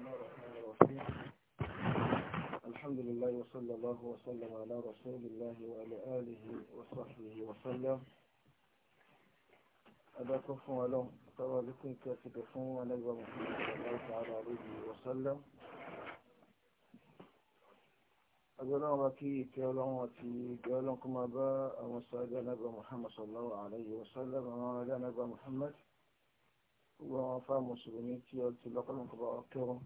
الله الرحمن الرحيم الحمد لله وصلى الله وسلم على رسول الله وعلى آله وصحبه وسلم أباكم فوالون ترى لكم كاتب فوالون ونبغى محمد صلى الله تعالى عليه وسلم أبناء وكي كيولون وكي كيولون كما باء وصلى محمد صلى الله عليه وسلم وعلى نبغى محمد gbogbo àwọn afá mùsùlùmí tí ó ti lọ́kọ́lọ́kọ́ bá kẹ́ wọn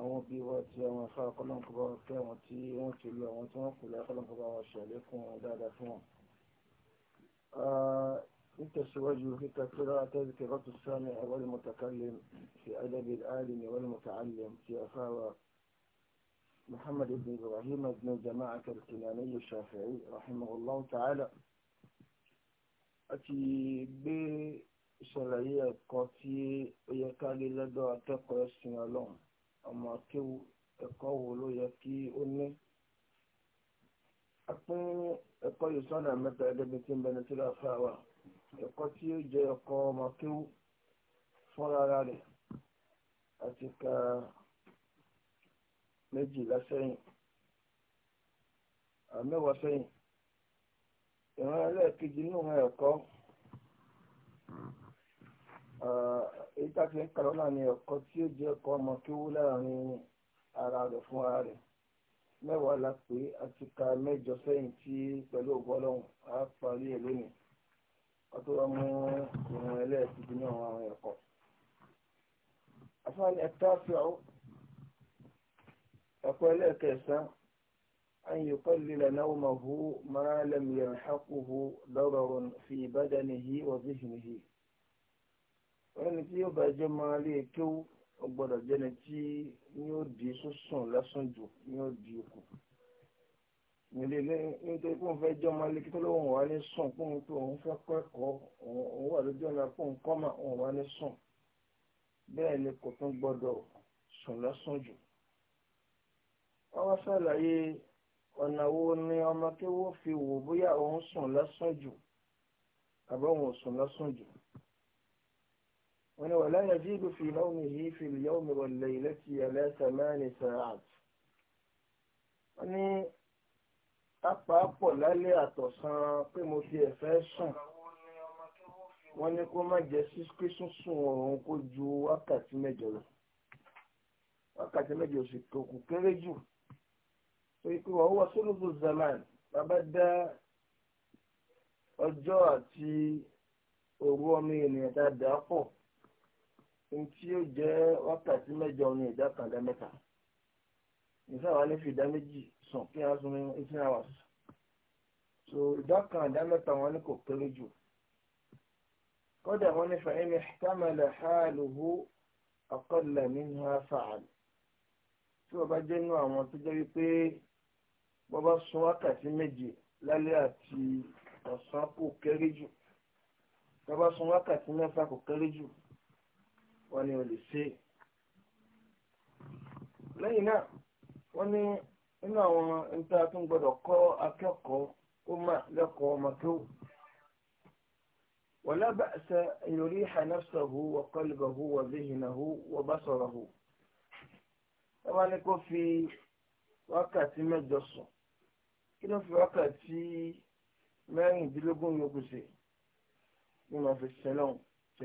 àwọn bí wọ́n ti àwọn afá ọkọ́lọ́kọ́ bá kẹ́ wọn tí wọ́n ti lọ àwọn tí wọ́n kù lọ́kọ́lọ́kọ́ bá wọn ṣẹ̀lẹ̀ fún wọn dáadáa fún wọn. نتسواجه في تفسير تذكرة السامع والمتكلم في أدب العالم والمتعلم في أفاوى محمد بن إبراهيم بن جماعة الكناني الشافعي رحمه الله تعالى أتي ṣàlàyé ẹ̀kọ́ tí ó yẹ ká lé lọ́dọ̀ akẹ́kọ̀ọ́ ẹ̀sìn ọlọ́run ọmọ akéwu ẹ̀kọ́ wo ló yẹ kí ó ní. a pín ẹ̀kọ́ yìí sọ́nà mẹ́ta ẹ̀ẹ́dẹ́gbẹ́ tí ń bẹ ní sílẹ̀ fún àwa ẹ̀kọ́ tí ó jẹ́ ẹ̀kọ́ ọmọ akéwu fúnra rẹ̀ àti ka sẹ́yìn àmẹ́wàá sẹ́yìn nínú ẹ̀kọ́. Eh, èyí tá a fi ń kàrọ́ náà ni ọkọ tí ó jẹ́ ọkọ ọmọ kí wú láàrin ara rẹ̀ fún ara rẹ̀ mẹ́wàá la pé a ti ka mẹ́jọ sẹ́yìn tí pẹ̀lú ògbọ́ ọlọ́run á parí ẹ̀ lónìí wọ́n tó wọ́n mú ìrìn ẹlẹ́ẹ̀kejì ní àwọn àwọn ẹ̀kọ́. àfáàní ẹ̀ka fìọ́ ẹ̀kọ́ ẹlẹ́ẹ̀kẹsàn-án أن يقلل نومه ما لم يلحقه ضرر في بدنه وذهنه ẹni tí yóò bá jẹ́ máa lé kéwú ọgbọ́dọ̀ jẹ́ni tí yóò di sísun lásán jù yóò di okùn nílé nítorí pé òun fẹ́ jẹ́ ọmọ ilé kíkọ́ lóhùn wá ní sùn pé òun pé òun fẹ́ kẹ́kọ̀ọ́ òun wà lójú ọ̀nà pé òun kọ́mà òun wá ní sùn bẹ́ẹ̀ ni kò tún gbọ́dọ̀ sùn lásán jù. wọ́n ṣàlàyé ọ̀nà wo ni ọmọ fi wò bóyá òun sùn lásán jù àbí sùn lásán jù wọ́n ní wàlá yajidu fi nawmihi fil yawmi wal laylati ala samani sa'at. wọ́n ní apá pọ̀ lálẹ́ àtọ̀sán pé mo fi ẹ̀fẹ́ sùn wọ́n ní kó má jẹ́ pé sísun òun kó ju wákàtí mẹ́jọ lọ wákàtí mẹ́jọ sì tó kù kéré jù torí pé wọ́n wá sólùbù zaman bàbá dá ọjọ́ àti òru ọmọ ènìyàn tá a dà pọ̀ ntí yóò jẹ́ wákàtí mẹ́jọ ní ìdá kan dá mẹ́ta nígbà wà ní fi ìdá méjì sùn kí wọ́n sún ní eighteen hours so ìdá kan dá mẹ́ta wọn ni kò kéré jù kódà wọn ní fàyín mi kámẹ́lẹ̀ hàlùhù àkọlẹ̀ mi ní wọ́n fàál tí wọ́n bá jẹ́ nínú àwọn tó jẹ́ wípé wọ́n bá sùn wákàtí méje lálẹ́ àti ọ̀sán kò kéré jù wọ́n bá sùn wákàtí mẹ́fà kò kéré jù. wọ́n ní o ṣe lẹ́yìn náà wọ́n ní nínú àwọn níta tó ń gbọ́dọ̀ kọ́ akẹ́kọ̀ọ́ ó mà lẹ́kọ̀ọ́ ọmọ tó ولا بأس أن يريح نفسه وقلبه وذهنه وبصره ẹwà ni kò fi wákàtí mẹ́jọ sùn kí ló fi wákàtí mẹ́rìndínlógún yòókù sí ni fi sẹlọ ṣe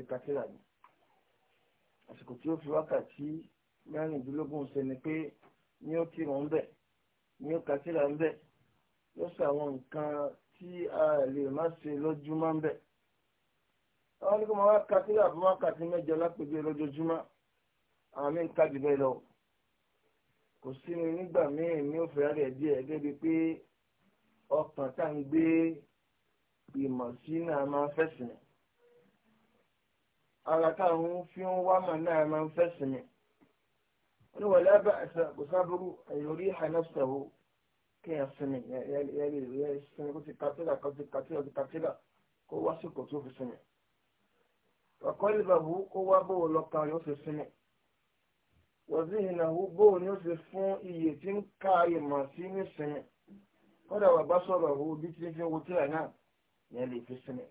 àsìkò tí ó fi wákàtí mẹ́rìndínlógún ṣe ni pé ní ó kírun ń bẹ̀ ní ó kásíra ń bẹ̀ ló ṣe àwọn nǹkan tí a lè má ṣe lójúmọ́ ń bẹ̀. àwọn ní kó máa kásíra àbí wákàtí mẹ́jọ lápèjẹ lójoojúmọ́ àwọn míì ń ká bẹ́ẹ̀ lọ. kò sí ni nígbà míì ní ó fẹ́ràn rẹ̀ díẹ̀ débi pé ọkàn tá à ń gbé ìmọ̀ sí náà máa ara táwọn fi ń wá mà náà máa ń fẹ̀sìn mi wọ́n wà lábẹ́ àṣà kò sábúrú àyọrí àìnáṣẹ́wò kí ẹ sinmi yẹ lè sinmi kó ti kàtílà kó ti kàtílà kó ti kàtílà kó wá sí kò tó fi sinmi ọ̀kọ́ ìlúbàbù kó wá bóun lọ́kàn yóò fi sinmi wàzíhìnàwó bóun ni ó fún iye tí ń ka ìmọ̀ sí ní sinmi kódà wà bá sọ̀rọ̀ owó bí tí ń fi wo tíra náà yẹn fi sinmi.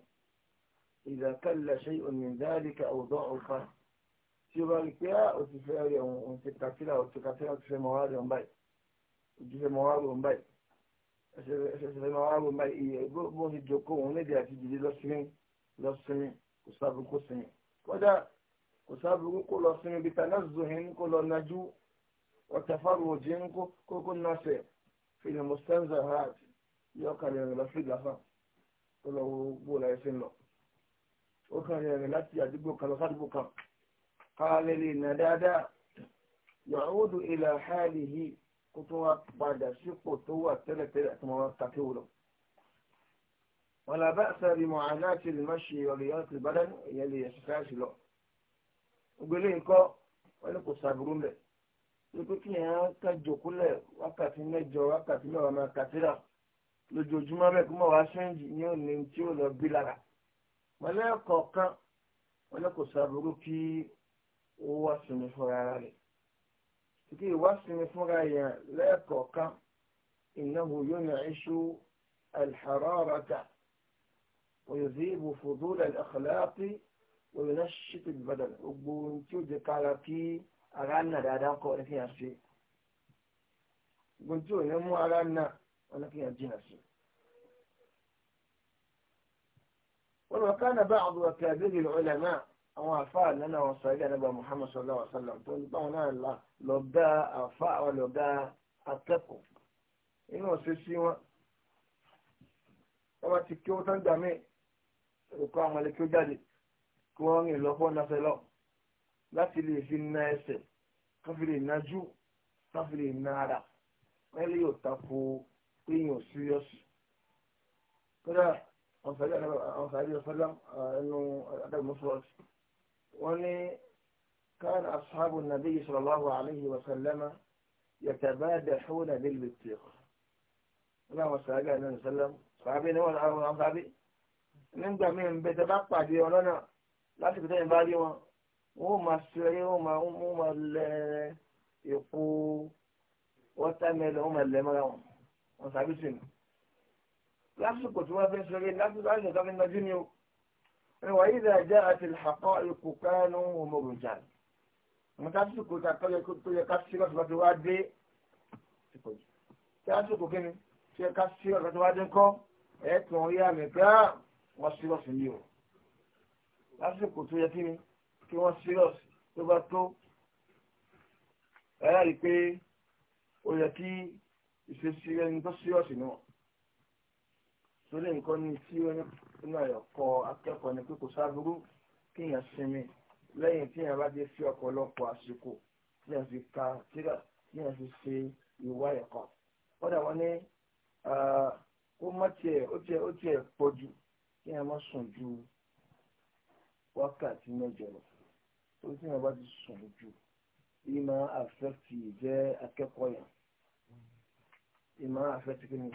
إذا قل شيء من ذلك أو ضعف سيبارك يا أتفاري أتكافلا أتكافلا أتفمواري أمباي أتفمواري أمباي أتفمواري أمباي bó ti jòkó òun lédè àti jìdí lọ́sìnmí lọ́sìnmí kò sábà kó sinmi kódà kò sábà kó lọ sinmi bíi tànà zuhin kó lọ najú ọ̀tàfàròjì ń kó kókó nàṣẹ fìlìmù sẹ́ńsà hàt yọkàlẹ̀ rẹ̀ lọ sí ìlàfà kó lọ wo bó la ẹsẹ̀ ń lọ ó kàn rìn rìn láti àdúgbò kan lọ sádùgbò kan káàlẹ́ lè nà dáadáa yàhóòdù ilà hàlì yìí kó tún wá padà sípò tó wà tẹ́lẹ̀tẹ́lẹ̀ àti wọn kàkéwò lọ. wọn là bá sàbí mọ àná àti ìlúmọ̀ṣe ọ̀rẹ́ yọ̀ọ́ ti bá dánú ìyẹn lè yẹ̀sùn káàsì lọ. ògbélé nǹkan wọn ní kò sàbúrú mẹ́ lókè kí yẹn ká jòkúlẹ̀ wákàtí mẹ́jọ wákàtí mẹ́wàá máa kàtírà lójoojúmọ́ bẹ́ẹ̀ kó mọ̀ wá ṣẹ́ǹjì ní òní tí ó lọ bí lára. wọn lẹ́ẹ̀kọ̀ọ̀kan wọn ní kò sàbúrú kí ó wá sinmi fúnra ara rẹ̀ kí ìwá sinmi fúnra yẹn lẹ́ẹ̀kọ̀ọ̀kan ìnáwó yóò ní iṣu alḥararata ويذيب فضول الأخلاق وينشط البدن gbogbo tí ó jẹ kára kí ara nà dáadáa kọ ẹni kí n yà ṣe gbogbo tí ò ní mú ara nà ẹni kí n yà jìnà sí i. ولو كان بعض أكابر العلماء àwọn àfáà nínú àwọn sọ̀rọ̀ àdàbà Muhammad sallallahu alaihi wa sallam tó ń báwọn náà la lọ́gá àfáà wọn lọ́gá akẹ́kọ̀ọ́ inú ọ̀sẹ̀ sí wọn wọn bá ti kí wọn tán gbà mí òkú àwọn ẹlẹ́kẹ́ jáde kí wọ́n rìn lọ́pọ̀ náfẹ́ lọ láti lè fi na ẹsẹ̀ ká lè na jú ká lè na ara wọ́n yóò tako pé yóò síríọ́sì kódà. أو فعلي أنا أو وسلم آه، إنه أدب مصروف وأني كان أصحاب النبي صلى الله عليه وسلم يتبادحون بالبتيخ اللهم صل على النبي صلى الله عليه وسلم صحابي نوع من ده بتبقى فيه ولا أنا لا تبدأ بعدي ما ما سري هو ما ما اللي يقو وتمل هو اللي ما لهم وصحابي lásìkò tí wọ́n fẹ́ sọ̀rọ̀ lásìkò àìsàn tó fi nàjú ni o wà yìí dà jẹ́ àti àkọ́ ikú kánú ọmọbùnjà wọn lásìkò tó yẹ ká sí ọ̀sán tó wá dé lásìkò kí ni tó yẹ ká sí ọ̀sán tó wá dé kọ́ ẹ̀ tún orí àmì pé ah, wọ́n sí ọ̀sán ni o lásìkò tó yẹ kí ni kí wọ́n sí ọ̀sán tó bá tó ẹ̀ rí pé ó yẹ kí ìṣesí ẹni tó sí ọ̀sán náà torí nǹkan ní tí ó ní ọ̀kọ́ akẹ́kọ̀ọ́ ni pé kò sáburú kéèyàn sinmi lẹ́yìn tí èèyàn bá dé sí ọ̀pọ̀lọpọ̀ àsìkò tí èèyàn fi ka tíra tí èèyàn fi ṣe ìwà ẹ̀kọ́ kódà wọ́n ní ó mọ̀ tiẹ̀ ó tiẹ̀ ó tiẹ̀ pọ̀ jù kí èèyàn má sùn ju wákàtí mẹ́jọ lọ torí tí èèyàn bá ti sùn jù ìmọ̀ àfẹ́tì ìjẹ́ akẹ́kọ̀ọ́ yẹn ìmọ̀ àfẹ́tì kí ni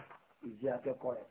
ìjẹ́ akẹ́kọ̀ọ́ yẹn.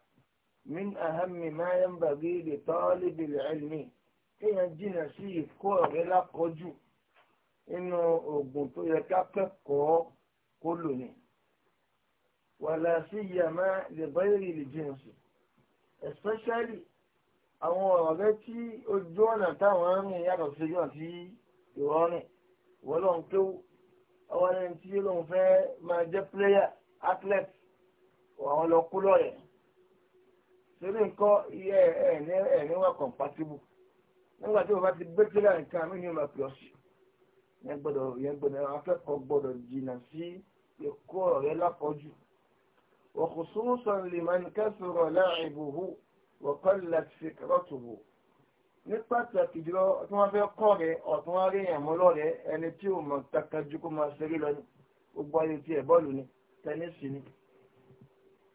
من أهم ما ينبغي لطالب العلم kéèyàn jìnnà sí ìkó ọ̀rẹ́ lákọjú nínú oògùn tó yẹ ká kẹ́kọ̀ọ́ kó لغير ní. wàlá sí yàmá lè báyìí lè jìnnà sí. especially àwọn ọ̀rẹ́ tí ojú ọ̀nà táwọn rìn yàtọ̀ sí ojú ọ̀nà ìrọ̀rìn wọ́n lọ́n kéwú àwọn ẹni tí lóun fẹ́ máa jẹ́ player athlete àwọn lọ lọ́yẹ̀ẹ́ torí nǹkan iye ẹ̀ẹ́ni ẹ̀ẹ́ni wà compatible nígbà tí o bá ti gbé kílà nǹkan mí ni o máa pè ọ́ sí yẹn gbọ́dọ̀ yẹn gbọ́dọ̀ akẹ́kọ̀ọ́ gbọ́dọ̀ jìnnà sí ẹ̀kọ́ ọ̀rẹ́ lápọ̀jù وخصوصا لمن كثر لعبه وقلت فكرته ní pàtàkì jùlọ tí wọ́n fẹ́ kọ́ rẹ̀ ọ̀tún wá rí ẹ̀mọ́ lọ́rẹ̀ ẹni tí ò mọ̀ kankan kó máa ṣeré lọ ní gbogbo ayé tí ẹ̀ bọ́ọ̀lù ni tẹnísì ni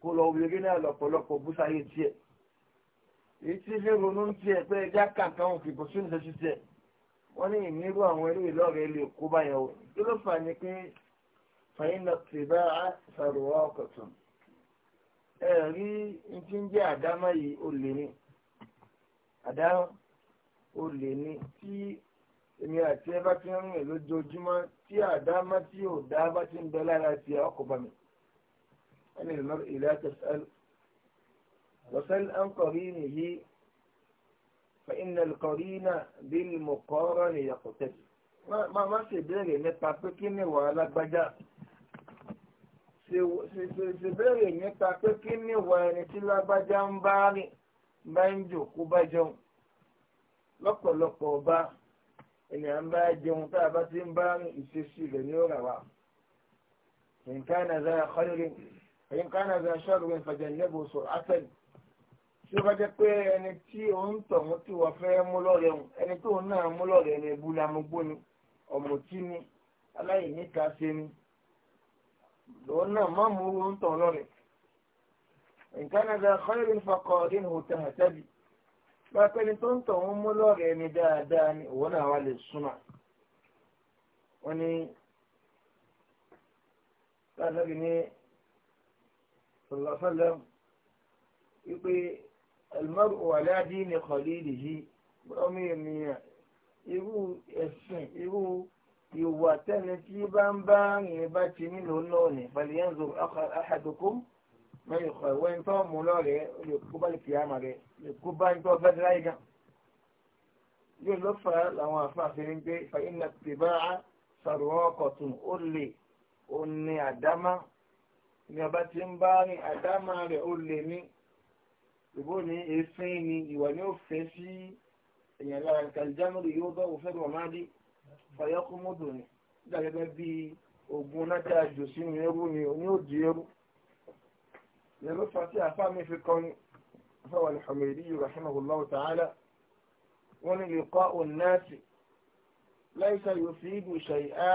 kó lọ obìnrin náà lọ́pọ̀lọpọ̀ bú sáyé tiẹ̀ èyí tí ṣe ronú tiẹ̀ pé ẹja kankan òfin kò sínú ṣe ṣiṣẹ́ wọ́n ní ìnírú àwọn eré ìlọ́ọ̀rẹ́ lè kó báyẹn o kí ló fà ní pé fàyínà tìbá àṣàròwá ọkọ̀tún ẹ̀rí ti ń jẹ́ àdámọ́ yìí ó lè ní àdámọ́ ó lè ní tí èmi àti ẹ bá ti ń rìn lójoojúmọ́ tí àdámọ́ tí ò dá bá ti ń bẹ lára ti ọkọ̀ bá أن المرء لا تسأل وسل عن قرينه فإن القرين بالمقارن يقتل ما ما في بيري ني تاكيني ولا بجا سي سي سي بيري ني تاكيني ولا تلا بجا مباني بنجو كوباجو لوكو لوكو با اني امبا جون تا باتين بان سي سي لنيو ان كان ذا خير ẹ̀yìn kan náà ṣe ọ̀rùn ìfàjẹ̀ níbo sọ̀rọ̀ àtẹ̀l tí ó bá jẹ́ pé ẹni tí òun tọ̀hún tí wọ́n fẹ́ mú lọ́rẹ̀ òun ẹni tó náà mú lọ́rẹ̀ ẹni ebu lamugbó ni ọ̀mùtí ni aláìníkà ṣe ni lòun náà má mú òun tọ̀ lọ́rẹ̀ nǹkan náà ṣe ọ̀rùn ìfàkọ̀ nínú hòtẹ́ àtẹ́bí bá pẹ́ni tó ń tọ̀hún mú lọ́rẹ̀ ẹni dáadáa ni òun náà wà lè súnmọ́ wọ́n ní sọlọ́sọ́lọ́ wípé almaru aládìí ni kọ̀lìlì yìí ọmọ ènìyàn irú ẹ̀sìn irú ìwà tẹ́ni tí bá ń bá rìn bá ti nílò náà ní pàlíyànzó àhàdùkú mẹ́rin kọ̀ ìwé ń tọ́ mú lọ́rẹ̀ lè kó bá lè kìí àmà rẹ̀ lè kó bá ń tọ́ fẹ́ dráì gan. yóò ló fà á làwọn àfààfin ń gbé fàyínà tìbáà sàrùwọ́n ọkọ̀ tún ó lè ó ní àdámá ní ọba tí ń bá rìn àdámà rẹ̀ ó lè ní ìbò ní èéfín ni ìwà ní òfin sí èèyàn lára nǹkan jámọ́rì yóò bá òfin rọ̀ máa dé fàyọ́kùnmọ́dù ni dàgẹ́gẹ́ bí ogun náà àjò sínú ẹrú ni òní ò di ẹrú ẹrú fàtí àfáàmì fi kọrin fáwọn alhamidi rahimahullahu ta'ala wọn ni lè kọ́ òun náà sí láìsà yóò fi ìdù ṣàyà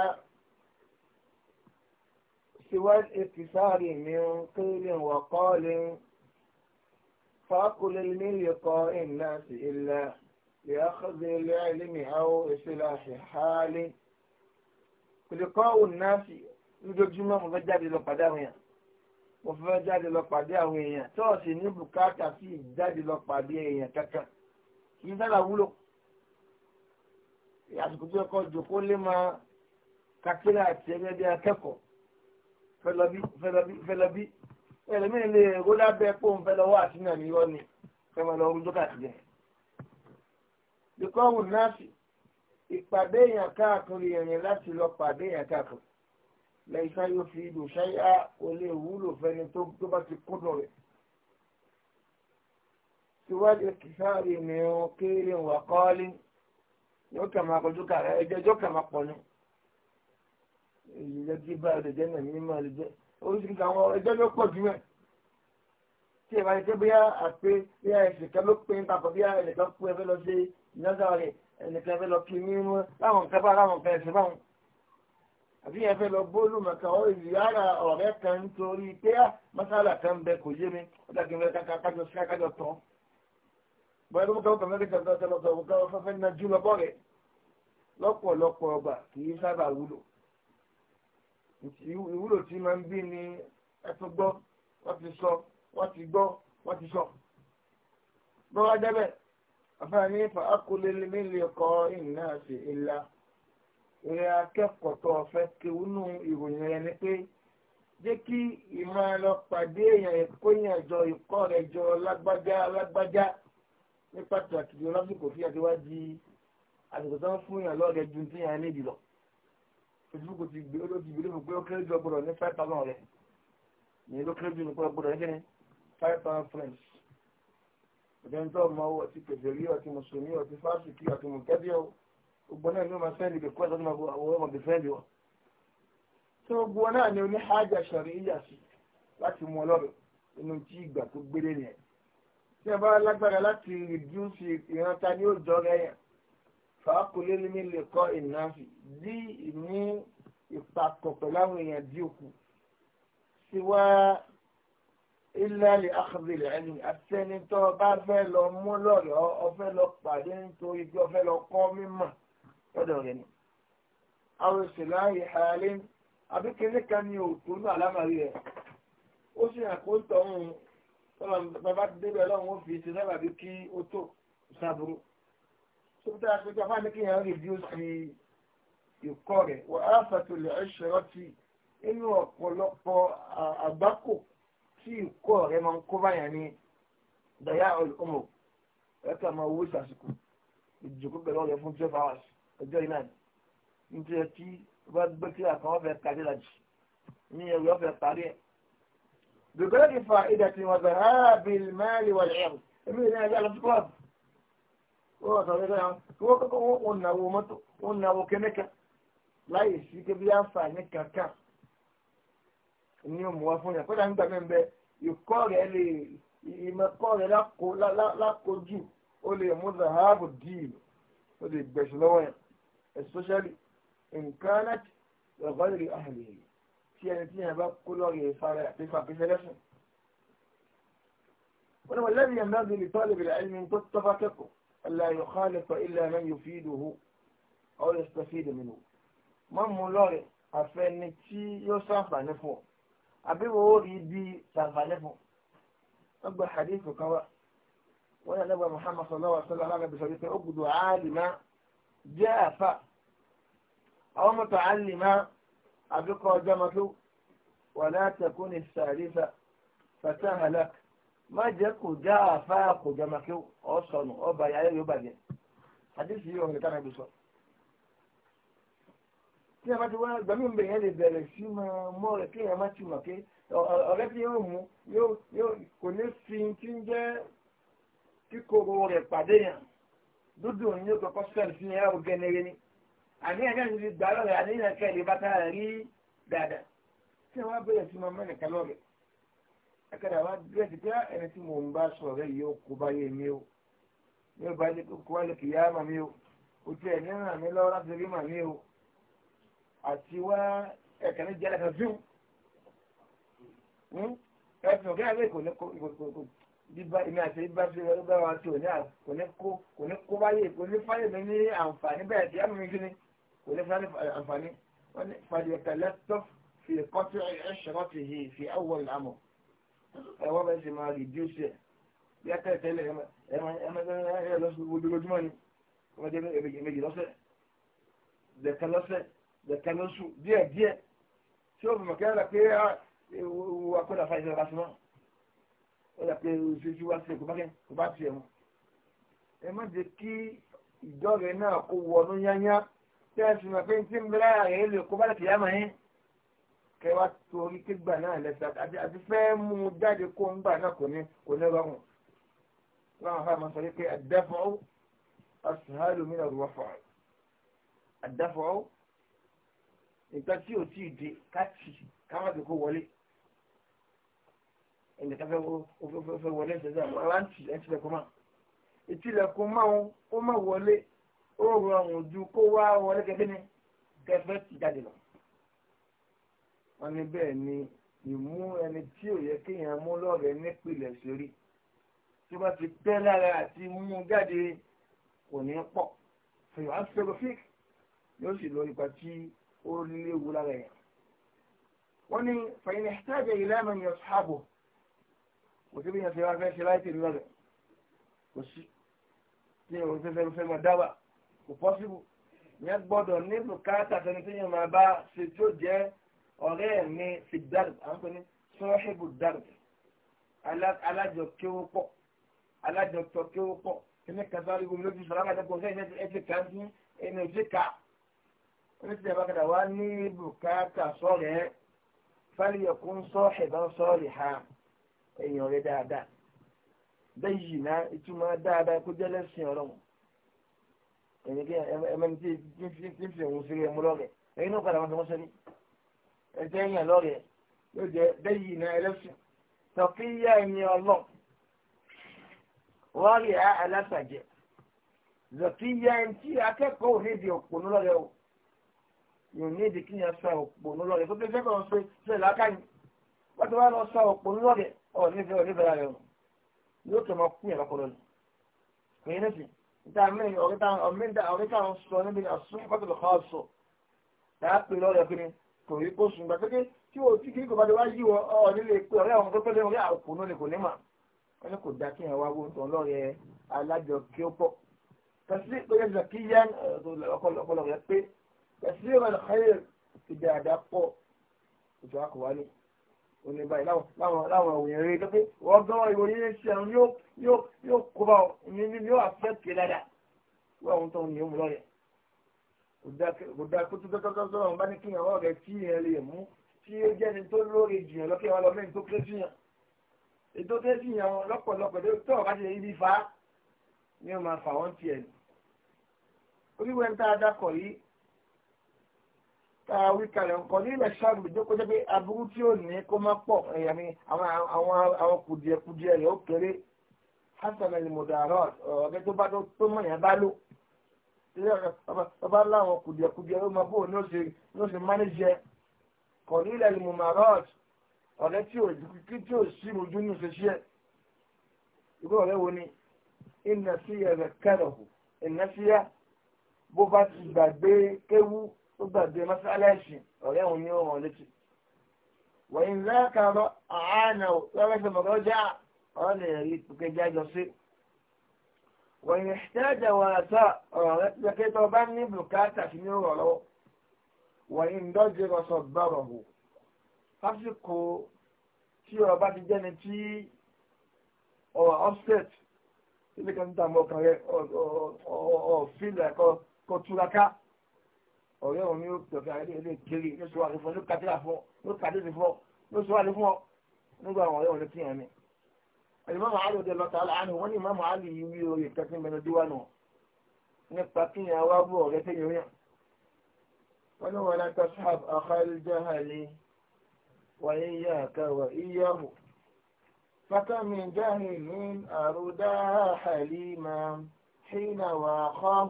سوى الاكتسار من قيل وقال فأقل من لقاء الناس إلا لأخذ العلم أو إصلاح حال لقاء الناس lójoojúmọ́ mo fẹ́ jáde lọ pàdé àwọn èèyàn mo fẹ́ jáde lọ pàdé àwọn èèyàn tọ́ọ̀sì ní bùkátà sí ìjáde lọ pàdé èèyàn kankan kì í sára wúlò àsìkò tí ọkọ̀ jòkó lé máa kakíra àti ẹgbẹ́ bí akẹ́kọ̀ọ́ fẹlẹbi fẹlẹbi fẹlẹbi ẹlẹmi ilé rọdà bẹ kó n fẹlẹ wá àti náà níyọ ni fẹmọ lọ rúdó kàtìyẹ. bíkọ́wù náàsì ìpàdé èèyàn káàkiri ìrìn láti lọ pàdé èèyàn káàkiri lẹ́yìn sáyó fi ìlú ṣáyá kò lè wúlò fẹni tó bá ti kúndùn rẹ̀. síwájú kìsáàrì ni ó kéré wà kọ́ọ́lí yóò kà máa kojú kàrẹ́ ẹjẹ́jọ́ kà máa pọ̀ ni ìyẹn tí bá rẹ̀ jẹ́ náà mímọ́ rẹ̀ jẹ́ oríṣiríṣi àwọn ẹjọ́ ló pọ̀ jù mẹ́. tí ẹ bá yẹ kí bóyá àpé bóyá ẹsẹ̀ kan ló pín papọ̀ bóyá ẹnìkan kú ẹ fẹ́ lọ sí ìyáńsá rẹ̀ ẹnìkan fẹ́ lọ kí ní mú láwọn nǹkan bá láwọn nǹkan ẹ̀sìn báwọn. àbí yẹn fẹ́ lọ bóòlù màkà ó ìyára ọ̀rẹ́ kan nítorí pé ah, masala kan bẹ kò yé mi ó dàgbé mi kájọ sí kájọ tán. bóyá ìwúlò tí máa ń bí ni ẹ tó gbọ́ wọ́n ti sọ wọ́n ti gbọ́ wọ́n ti sọ. bọ́wá débẹ̀ àfààní fa akólélé nílé kọ́ ìrìnà àti ìlà ìrìn akẹ́kọ̀ọ́ tó ọ̀fẹ́ kéwúnú ìròyìn rẹ ni pé jẹ́ kí ìmọ̀ lọ pàdé èèyàn ìkóyàn jọ ìkọ́ rẹ̀ jọ lágbájá lágbájá ní pàtàkì lásìkò fíyàtí wá di àsìkò tó ń fún yàn lọ́ọ̀dẹ ju ti yàn níbi lọ facebook ti gbé olóòtú ìgbélé fún pé ó kéré jù ọgbọ̀rọ̀ ní five thousand rẹ̀ ìyẹn ló kéré jù ní ọgbọ̀rọ̀ ní kíni five thousand friends ìdẹ́ntọ́ ọmọ owó ọtí pèsèlú ọtí mùsùlùmí ọtí fásitì ọtí mùkẹ́bí ọ gbogbo náà ni ó máa sẹ́ndì bẹ̀kọ́ ẹ̀sọ́ tó máa wọ́n máa dìfẹ́ndì wọn. tí gbogbo náà ni oní hajj aṣọ̀rí yíyà sí láti mú ọlọ́rọ̀ inú tí ìgbà tó gbélé nìyẹn. tí ẹ bá lágbára láti reduce ìrántá ní òòjọ́ rẹ̀ yẹn fàákùlé ní lè kọ́ ìnáfi dí ìní ìpapọ̀ pẹ̀lú àwọn èèyàn dí òkú síwá ilẹ̀ àkàbílẹ̀ ẹni àtẹnitọ́ bá fẹ́ lọ mú lọ́rọ̀ ọfẹ́ lọ pàdé nítorí pé ọfẹ́ lọ kọ́ mímọ̀ lọ́dọ̀ rẹ̀ ni. àwọn ìṣẹ̀lẹ̀ ayé ààrẹ àbí kéré kan ní òtún ní àlámàrí rẹ̀ ó sì hàn kó tọ̀hún bàbá débẹ̀ lọ́wọ́ fi ṣe sábàbí kí ó tó sábúrú sókítà àpéjọ fáwọn kí èèyàn rè bí ó sì ìkọ́ rẹ̀ wà á fàtòlẹ̀ ẹ̀ṣẹ̀ rọ́tì nínú ọ̀pọ̀lọpọ̀ àgbákò tí ìkọ́ rẹ̀ máa ń kó báyà ní dàyà ọmọ ẹ̀ka máa wó ìsàsìkò ìjòkó pẹ̀lú ọ̀rẹ́ fún twelve hours ọjọ́ iná ni nítorí tí wọ́n gbé kí àkàwọ́ fẹ́ kárí lajì ní ẹ̀rù ọ̀fẹ́ parí ẹ̀. bìbélì fa ìdàtí wọn bẹ̀rẹ̀ ábìlì mẹ́rin wà lẹ́yìn ẹ̀mí ìrìn àjọ àlọ́ wọ́n sọ pé bẹ́ẹ̀ wọ́n kọ́kọ́ wọ́n náwó mọ́tò wọ́n náwó kẹ́míkà láyé sí kébí àǹfààní kankan ní òmù wa fún yà kọ́dà nígbà mẹ́rin bẹ́ ìkọ́ rẹ̀ lè ìmọ̀kọ́ rẹ̀ lákojú ó lè mú zahabu díìlù ó lè gbẹ̀sùn lọ́wọ́ yẹn especially nkanat ọ̀gọ́dìrì ahàlì tí ẹni tí yẹn bá kó lọ́ọ̀rì ìfara àpéfà pẹ́sẹ́lẹ́sìn. wọ́n ní wọ́n lẹ́yìn yẹn mẹ́rin lè tọ́lẹ̀ bẹ̀rẹ̀ ẹni tó tọ́fà kẹ́kọ̀ọ́. ألا يخالف إلا من يفيده أو يستفيد منه má mú lọ́rẹ̀ àfẹni tí yóò ṣàǹfààní fún ọ àbí wo ó rí bí ṣàǹfààní fún ọ gbọ́ hadithu kan wá wọ́n yà lẹ́gbàá Muhammad sallallahu alaihi wa sallam alága bisọ̀ wípé ó gbùdọ̀ àálìmá jẹ́ àfà àwọn mọ̀tò àálìmá àbíkọ́ ọjọ́ mọ́tò wà látẹ̀kùn ní sàrífà fatahalak má jẹ́ kò já àfa kò já máa kí ọ sọnù ọba ayé yóò bàjẹ́ àdéhùn yìí ọ̀rẹ́ kára ibi sọ. tí a bá ti wá gbàmí ń bẹ̀ yẹn lè bẹ̀rẹ̀ sí máa mọ́ rẹ̀ kí èèyàn má ti mọ̀ pé ọ̀rẹ́ tí yóò mú kò ní fi tí ń jẹ́ kíkorò rẹ̀ pàdé yàn dúdú òun yóò kọ́kọ́ sọ̀rọ̀ sí yẹn ọ̀gẹ́nẹ́rẹ́ ni àní ẹ̀jẹ̀ ti gbà lọ́rẹ̀ àníyàn kẹ́ ìlú bàtà rí dáadáa tí wọ́n bẹ̀rẹ̀ sí máa mẹ́rin kan lọ́rẹ̀ akadà wa gírẹ́sì pé ẹni tí mò ń bá sọ̀rọ̀ yìí ó kó báyé mi o mi ò bá ní kó wá lè kì í yá màmí o kò tiẹ̀ ní ràn mí lọ́wọ́ láti rí màmí o àti wá ẹ̀kẹ́ ní jẹ́lẹ̀ kan fíw ẹ̀sìn òkè àgbẹ̀ kò ní kó bíbá àti bíbá sí ẹ̀rọ bá wa sí òní kò ní kó kò ní kó báyé kò ní fáyé mi ní àǹfààní bẹ́ẹ̀ tí àmì mi kí ni kò ní fáyé àǹfààní wọ́n ní fàdíyẹ̀kẹ́ lẹ́tọ́ fi kọ́tù ẹ̀ṣẹ̀rọ̀ ti hì fi awwal al ẹwọ́n bẹ́ẹ̀ sì máa rìdíùsì ẹ̀ bí ẹ̀kẹ́ tẹ́lẹ̀ ẹ̀mẹ́tẹ́lẹ̀ lọ́sọ̀gbọ̀dọ́gbọ̀dọ́mọ́ ni wọ́n jẹ́ méjì lọ́sẹ̀ dẹ̀kẹ́ lọ́sẹ̀ dẹ̀kẹ́ lọ́sù díẹ̀ díẹ̀ tí ó fi mọ̀ kẹ́rẹ́ pé wọ́n akọ́dà fáyé lọ́ba sí wọn ó yà pé oṣooṣù wá sí ẹ̀kọ́ kó bá tiẹ̀ wọn. ẹ má jẹ́ kí ìjọ rẹ̀ náà kó wọnú yányá tẹ́ẹ̀sì mọ̀ pé ní tí ń bẹ́rẹ̀ rẹ̀ lè kó bá lè kìyàmọ̀ yín kẹwàá torí kígbà náà lẹ́sẹ̀ àti fẹ́ mú un jáde kó ń gbà náà kò ní kò ní rọrùn láwọn afẹ́ máa sọ pé àdáfọ́ asùnhálù mi náà rọ̀ fọ́ àdáfọ́ nǹkan tí ò tíì di káàtì káwájú kó wọlé ẹnìkan fẹ́ wọlé ṣẹ̀dá aláǹtì ẹ̀ tilẹ̀kùn máa ìtilẹ̀kùn máa ń ó máa wọlé ó rọrùn ju kó wá wọlé kẹfẹ́ ní kẹfẹ́ ti jáde lọ wọ́n ní bẹ́ẹ̀ ni ìmú ẹni tí ò yẹ kéèyàn mú lọ́rẹ̀ẹ́ nípìnlẹ̀ sórí tí wọ́n ti pẹ́ lára àti mú jáde kò ní pọ̀ fìwà sẹ́gọ́fík yóò sì lọ ipa tí ó léwu lára yẹn. wọ́n ní fàyín ẹ̀sítàjẹ̀ ìlànà yẹn sáàbò kò sí bí yẹn ṣe wá fẹ́ ṣe láìpẹ́ nínú kò sí tí o fẹ́ fẹ́ fẹ́ mọ̀ dáwà kò pọ́sibù yẹn gbọ́dọ̀ ní bùkátà sẹni tí yẹn máa bá ṣe tó ọ̀rẹ́ mi fi dárb à ń pè ní sọ́ọ́hìbù dárb alájọ kéwó pọ̀ alájọ tọ́ kéwó pọ̀ kíní kasari gbogbo lójú sọ̀rọ̀ àgbàdo kò sẹ́yìn ẹ̀ ti kà sí ẹni ò ti kà ní ti dàbà kàdà wá ní bùkátà sọ̀rẹ́ fáliyẹ̀ kún sọ́ọ̀hìbà sọ́ọ̀rì ha èèyàn rẹ̀ dáadáa bẹ́ẹ̀ yìí náà ìtumọ̀ dáadáa kó jẹ́ lẹ́sìn ọ̀rọ̀ e yẹn lọ́rẹ̀ yóò jẹ́ bẹ́yìí náà ẹlẹ́sìn tọ́kíyà ẹni ọlọ́n wọ́n rí alásàjẹ́ zọ̀kíyà ẹni tí akẹ́kọ̀ọ́ òníìdì òpònú lọ́rẹ̀ o yóò níìdì kí yẹn sọ òpònú lọ́rẹ̀ tó tẹ́sẹ̀ kọ́ ṣe ṣe làákàyè wọ́n ti wá lọ sọ òpònú lọ́rẹ̀ ọ̀ nífẹ̀ẹ́ oníbẹ̀rẹ̀ rẹ̀ o yóò tẹ̀ mọ́ kú yẹn sọ kò rí kó sùn gbàgbé tí o tí kìí kò bá ti wá yíwọ ọ nílé pé ọ̀rẹ́ àwọn pẹpẹ lẹnu yà kó náà ni kò ní mà wọn ni kò dá kí ẹ wá wo nǹkan lọrẹ alájọ kí ó pọ kàṣí pẹ̀lú ẹgbẹ́ kí yá ọpọlọ rẹ pé kàṣí ìrọlẹ xẹyẹ ìdí àdá pọ ètò àkọwálé òní báyìí láwọn láwọn òyìn rẹ pé wọn gbọ́ ìròyìn yẹn ṣe àwọn yóò kó bá ọ ní yóò àfẹ́ kí dáadáa wọn àwọn tó ń yẹ mú lọ́rẹ̀ẹ́ kò dáa kó tún tọ́tọ́ sọ̀rọ̀ wọn bá ní kíyàn ọ̀rọ̀ rẹ tí yẹn lè mú tí ó jẹ́ ni tó lóore jìyàn lọ́kẹ́ wọn lọ mẹ́rin tó kéré jìyàn ètò tó jìyàn wọn lọ́pọ̀lọpọ̀ tó ọ̀ká ti ibi fa ni wọ́n máa fà wọ́n tiẹ̀ nù. oríwẹ̀ ń tá a dákọ̀ yìí tá a wí kalẹ̀ ńkọ ní ilẹ̀ ṣáàbù ìjókòó jẹ́ pé aburú tí ó ní kó má pọ̀ ẹ̀yàmí àwọn kùdìẹ̀kùdìẹ̀ rẹ̀ ó kéré hasan el mudarot ọ̀rọ̀ bàbá láwọn kùdìẹ̀kùdìẹ̀ ó máa bóun ní ó ṣe mánéjẹ kọ̀ ní ilẹ̀ ìmùmàrọ́ọ̀t ọ̀rẹ́ tí ò kí tí ò sí ojú ní òṣèṣì ẹ̀ ìgbé ọ̀rẹ́ wo ni ìnà sí ẹ̀rẹ̀ kẹrọ̀hù ìnà sí yá bó bá ti gbàgbé kéwú ó gbàgbé mọ́sálẹ́sì ọ̀rẹ́ òun ni ó hàn létí. wọ́n ń lákàrọ̀ àánà lọ́wọ́ ìṣẹ̀mọ̀gá ọjà ọ̀rẹ́ ẹ̀rí ìpìkẹ́jà lọ sí wọ̀nyí ṣẹ́jà wà sá ọ̀rọ̀ rẹ̀ ti jẹ́ tó bá ní bùkátà sí ní rọ̀ lọ́wọ́ wọ̀nyí ń dọ́jẹ́ rọ̀ṣọ̀ bọ̀rọ̀ hù lásìkò tí ọ̀rọ̀ bá ti jẹ́ni tí ọ̀rọ̀ offset ilé kan níta mọ́ kan rẹ̀ ọ̀fíìlẹ̀ kọ túraká ọ̀rẹ́ òun ni ó tọ̀fẹ́ àrẹ́lẹ́ ilé kiri ló sọ àlè fún ọ ló kàdé fún ọ ló sọ àlè fún ọ nígbà àwọn ọ̀rẹ́ òun ti yàn mí ìmáàmù àlì òde lọ́ta àánú wọ́n ní ìmáàmù àlì yìí wí orí ìkẹ́sí mẹ́nu díwánù nípa kí ni àwa bú ọ̀rẹ́ tẹ́yìn rí wọ́n ní wọn láta sáàb àkàlùjáhàlì wàyé yá àkàwà ìyáhù fátámì jáhì ní àrùdáhàlì máa حين واخاه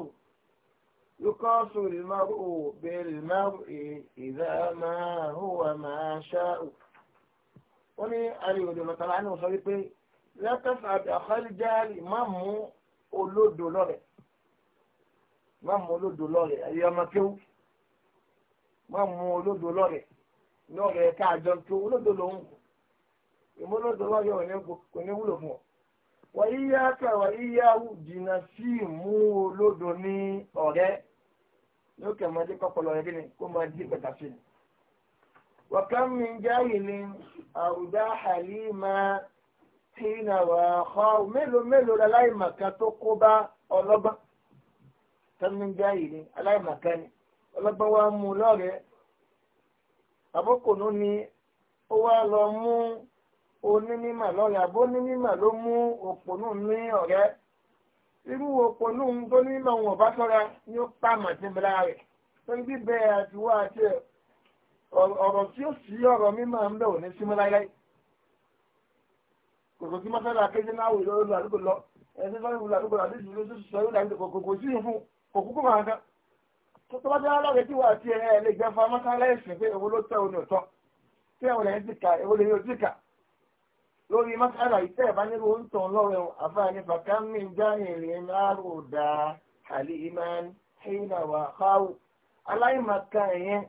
يقاس المرء بالمرء إذا ما هو ما شاء wọ́n ní àríwòdì lọ́tàlá ní ọ̀sọ́ wípé lẹ́tọ̀fà àbẹ̀kọ́lìjáàlì má mú olódo lọ́rẹ̀ má mú lọ́rẹ̀ ayé ọmọ kéwù má mú lọ́rẹ̀ lọ́rẹ̀ káàjọ tó olódo lòún kù ìmúlódo lọ́rẹ̀ kò ní wúlò fún ọ. wàyí yá wàyí yá jìnnà sí ìmú olódo ní ọ̀rẹ́ lókè ọmọdé kọ́kọ́ ni kó máa di pẹ̀tà sí ni. wàkàmí jáyìí ni àwùjá àlìmá. tìǹà wàhọ́ mélòó mélòó aláìmàkà tó kó bá ọlọ́gbọ́n tẹ́lẹ̀mẹ́jà yìí ni aláìmàkà ni ọlọ́gbọ́n wa mú un lọ́rẹ̀ẹ́ àbókòló ni ó wá lọ mú onímímà lọ́rẹ̀ àbó onímímà ló mú òpònú ní ọ̀rẹ́ irú òpònú tó nímọ̀ wọn bá sọ́ra ni ó pàmò sí ìbílá rẹ̀ torí bíbẹ́ àtiwọ́ àti ọ̀rọ̀ tí ó sì ọ̀rọ̀ mímọ̀ ń bẹ̀ ò ní kòkò sí mọ́sálà kéde náà wòlò lọ́dọ̀ àdúgbò lọ ẹ̀sẹ̀ sọ́yìn wòlò àdúgbò àti ìṣòro tó sọ yóò dàgbé kòkò sí fún kòkó kò máa kan tó tọ́ bá jẹ́ aláwọ̀ tí wà á ti ẹ̀ ẹ̀ lè gbẹ́ fún amọ́sálà ẹ̀sìn pé èwo ló tẹ́ òun ọ̀tọ́ tí ẹ̀wọ̀n lẹ́yìn ti kà èwo lè yóò ti kà lórí mọ́sálà ìtẹ́ ẹ̀ bá nílò ó ń tàn lọ́rẹ̀ àfáàní fàkámì jáyìn àròdà àlè ìmán hìnà wà káwù aláìmọ̀kan ẹ̀yẹn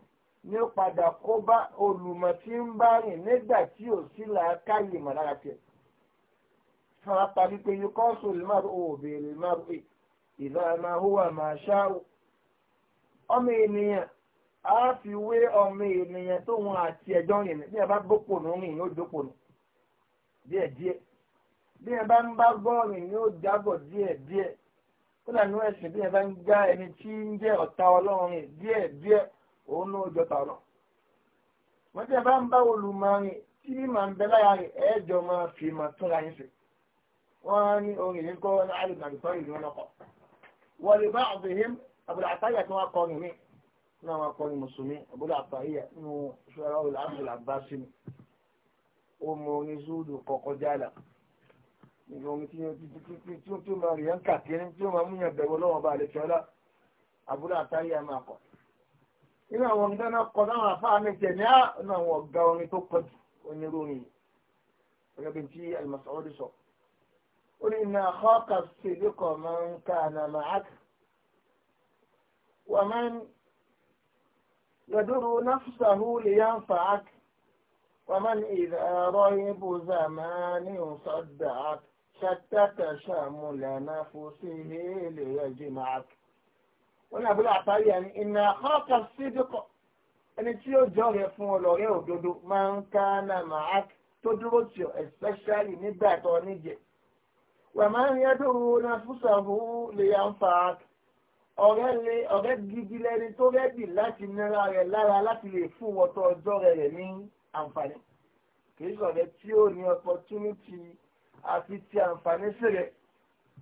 ní ó padà kó bá olùmọ̀ tí ń bá rìn nígbà tí ò sí làákàyè mọ̀ lára tiẹ̀ fara pa wípé yukọ́sù lèmọ́rù òbèrè lèmọ́rù è ìdáná húwà máa ṣáàrù ọmọ ènìyàn á fi wé ọmọ ènìyàn tó wọn àti ẹjọ́ rìn bí ẹ bá gbópò nù rìn yóò dópò nù díẹ̀ díẹ̀ bí ẹ bá ń bá gọ́ọ̀rìn yóò jábọ̀ díẹ̀ díẹ̀ kódà ní ẹ̀sìn bí ẹ bá ń já ẹni tí ń jẹ́ ọ̀tá ọlọ́run díẹ̀ díẹ̀ òun ló jọta ọ̀nà wọ́n tí ẹ bá ń bá olùmọ̀rin tí mímọ̀ ń bẹ láyà rẹ̀ ẹ̀ẹ́jọ máa fi mà túnra yín sí wọ́n ní orin yìí kọ́ láàrin nàìjíríà ìlú ọlọ́kọ̀ wọ́n lè bá ọ̀bẹ̀ yìí abúlé àtàyà tí wọ́n kọ́ ni mí náà wọ́n kọ́ ni mùsùlùmí abúlé àtàyà nínú ṣọ́ra ọ̀là àbúlà bá sí mi ó mọ orin zúdù kọ̀ọ̀kọ́ jálà ìgbà omi tí ó tó máa rí yẹn kàkiri tí ó máa mú yẹn bẹ̀rù lọ́wọ́ bá àlẹ́ tíọ́lá abúlé àtàyà máa kọ̀ nínú àwọn ọ̀gá náà kọ́ náà àfáà mi tẹ̀ ní àwọn ọ̀gá orin tó pọ̀ jù onírúurú yìí gẹ́gẹ́ bí ti Al-Mas'udi sọ̀rọ̀ قل إن أخاك الصدق من كان معك ومن يدر نفسه لينفعك ومن إذا رهب زمان صدعك شتت شمل نفسه ليجمعك wọ́n ní abúlé àtàrí ẹni ìnà àkọ́kọ́ sídìkọ̀ ẹni tí yóò jọ rẹ̀ fún ọ lọ́rẹ́ òdodo máa ń ká náà màá tó dúró tì ọ́ especially nígbà tó níjẹ̀ẹ́. wàmán yẹ́dùrú náfúsàhù lè àǹfà ọ̀rẹ́ gidi lẹ́ni tó rẹ́dì láti nira rẹ̀ lára láti lè fún wọ́tọ̀ ọjọ́ rẹ̀ ní àǹfààní kìí sọ̀rọ̀ tí ó ní opportunity àti ti àǹfààní sí rẹ̀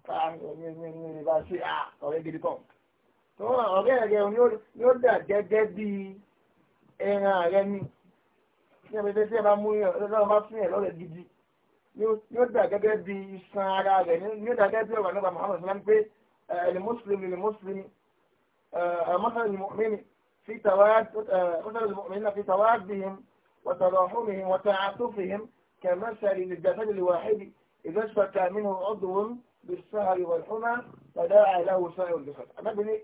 ká ṣe ah, ọ̀rẹ́ gidi kan. ọ̀rẹ́ rẹ̀ ni ó dà gẹ́gẹ́ bí ẹran rẹ̀ ni ní ọ̀rẹ́ tí ẹ bá mú yàn lọ́wọ́ bá fún yàn lọ́rẹ̀ gidi. yóò dà gẹ́gẹ́ bí iṣan ara rẹ̀ yóò dà gẹ́gẹ́ bí ọ̀rọ̀ nípa muhammed sallam pé ẹ̀lẹ́ mùsùlùmí ni mùsùlùmí mọ́sálì mùmíní fi tàwádìhìm wàtàràhùmìhìm wàtàràtúfìhìm kẹmẹ́sàrì ìjàsájì lìwàhídì ìgbésọ̀kà mínú ọdún bisahari wàlhúmá tàdá àìláwò sáyẹ̀ òjòsàn. alábìnrin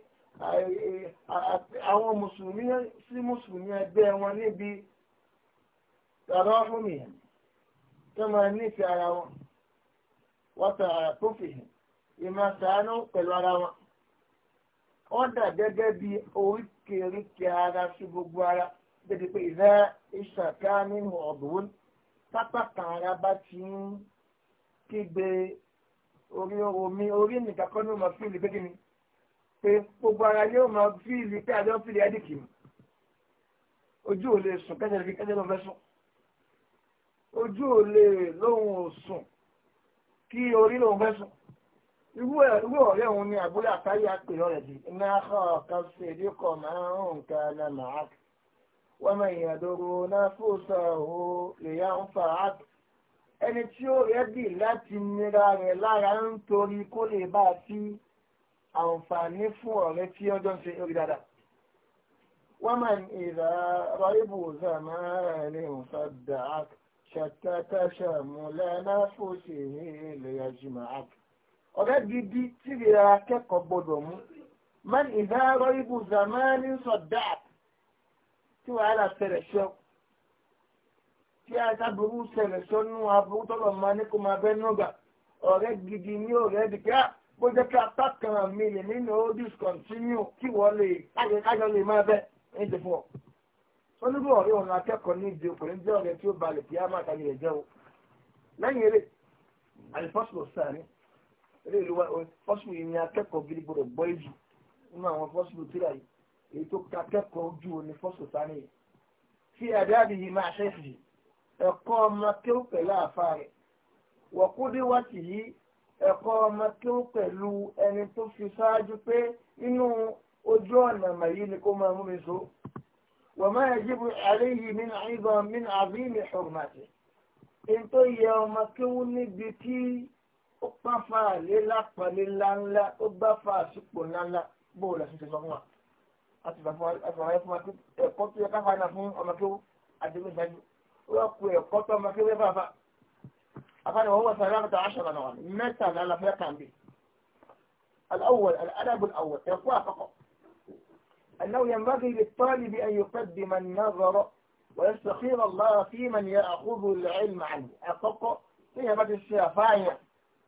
àwọn mùsùlùmí sí mùsùlùmí ẹgbẹ́ wọn níbi tàràhùmìhìm tó máa nífẹ̀ẹ́ ara wọn wọ́n ta ara tó fi hàn ìmọ̀ sàánú pẹ̀lú ara wọn. wọ́n dà gẹ́gẹ́ bí oríkèéríkèé ara sí gbogbo ara débi pé ìdá ìṣàká nínú ọ̀dùnún pápákà ara bá ti ń kígbe orí omi orí nìkan kọ́ ní o máa fíìlì pé kí ni pé gbogbo ara o máa fíìlì pé àjọ fíìlì ẹ̀dìkì ojú ò lè sùn kẹ́sẹ̀ lè fi kẹ́sẹ̀ lọ́fẹ́ sùn ojú ò lè lóhun ò sùn kí orí lóhun fẹ́ sùn irú ọ̀rẹ́ òun ni àbúrò àtàyè àpèrè ọ̀rẹ́ di iná ọ̀kan ṣe èdè kọ̀ máa ń hùn ká náà màá wọ́n máa yàn dòrò náà fòsà ò lè yá ń fà á ẹni tí ó rẹ́ bì láti nira rẹ̀ lára ń torí kó lè bá a sí àǹfààní fún ọ̀rẹ́ tí ọjọ́ ń ṣe orí dáadáa. wọ́n máa ń ìlà rọ́ìbù zàmáà ní òǹfà dàákì. شتت شمل نفسه ليجمعك ọ̀rẹ́ gidi tí ìrẹ́ akẹ́kọ̀ọ́ gbọdọ̀ mú man ìdárọ̀ ibù zamani sọ̀dá tí wàhálà ṣẹlẹ̀ ṣọ́ tí a sábúrú ṣẹlẹ̀ ṣọ́ nú aburú tọ́lọ̀ máa ní kó máa bẹ́ nùgbà ọ̀rẹ́ gidi ní ọ̀rẹ́ dìkẹ́ bó jẹ́ kí apá kan mi lè nínú ó discontinue kí wọ́n lè kájọ lè máa bẹ́ ní ìdìbò wọ́n ní bí ọ̀rẹ́ ọ̀run akẹ́kọ̀ọ́ ní ìdí ọkùnrin jẹ́ ọ̀rẹ́ tí ó balẹ̀ kí á má ta ni ẹ̀ jẹ́ o lẹ́yìn eré àlìfọ́sùlù sàárẹ̀ eré ìlú fọ́sùlù yìí ni akẹ́kọ̀ọ́ gidi gbọdọ̀ gbọ́ ìjù nínú àwọn fọ́sùlù tíra yìí èyí tó ka akẹ́kọ̀ọ́ ojú ni fọ́sùlù sàárẹ̀ yìí fi àdáàdì yìí máa ṣẹ́ẹ̀sì yìí ẹ̀kọ́ ọmọ kéwù pẹ̀lú àfa rẹ̀ wọ̀kúndínwàtì yìí ẹ̀kọ́ ọmọ kéwù pẹ̀lú ẹni tó fi ṣáájú pé nínú ojú ọ̀nà màyí ni kó máa mú mi so. وما يجب عليه من عظم من عظيم حرمته ان تو يوم كون بكي اقفا للا قليلا لا اقفا سكونا لا بولا سيسمع ẹ̀kọ́ tó yẹ káfa náà fún ọmọ tó àdéhùn ìṣáájú wọ́n kó ẹ̀kọ́ tó ọmọ kéwé fàáfà afáàní wọ́n wọ́n sọ aláàbàtà aṣọ́ra náà mẹ́ta lálàfẹ́ kàmbé aláwọ̀ alábùn àwọ̀ ẹ̀kọ́ àkọ́kọ́ أنه ينبغي للطالب أن يقدم النظر ويستخير الله في من يأخذ العلم عنه أقوق فيها بعد الشافاية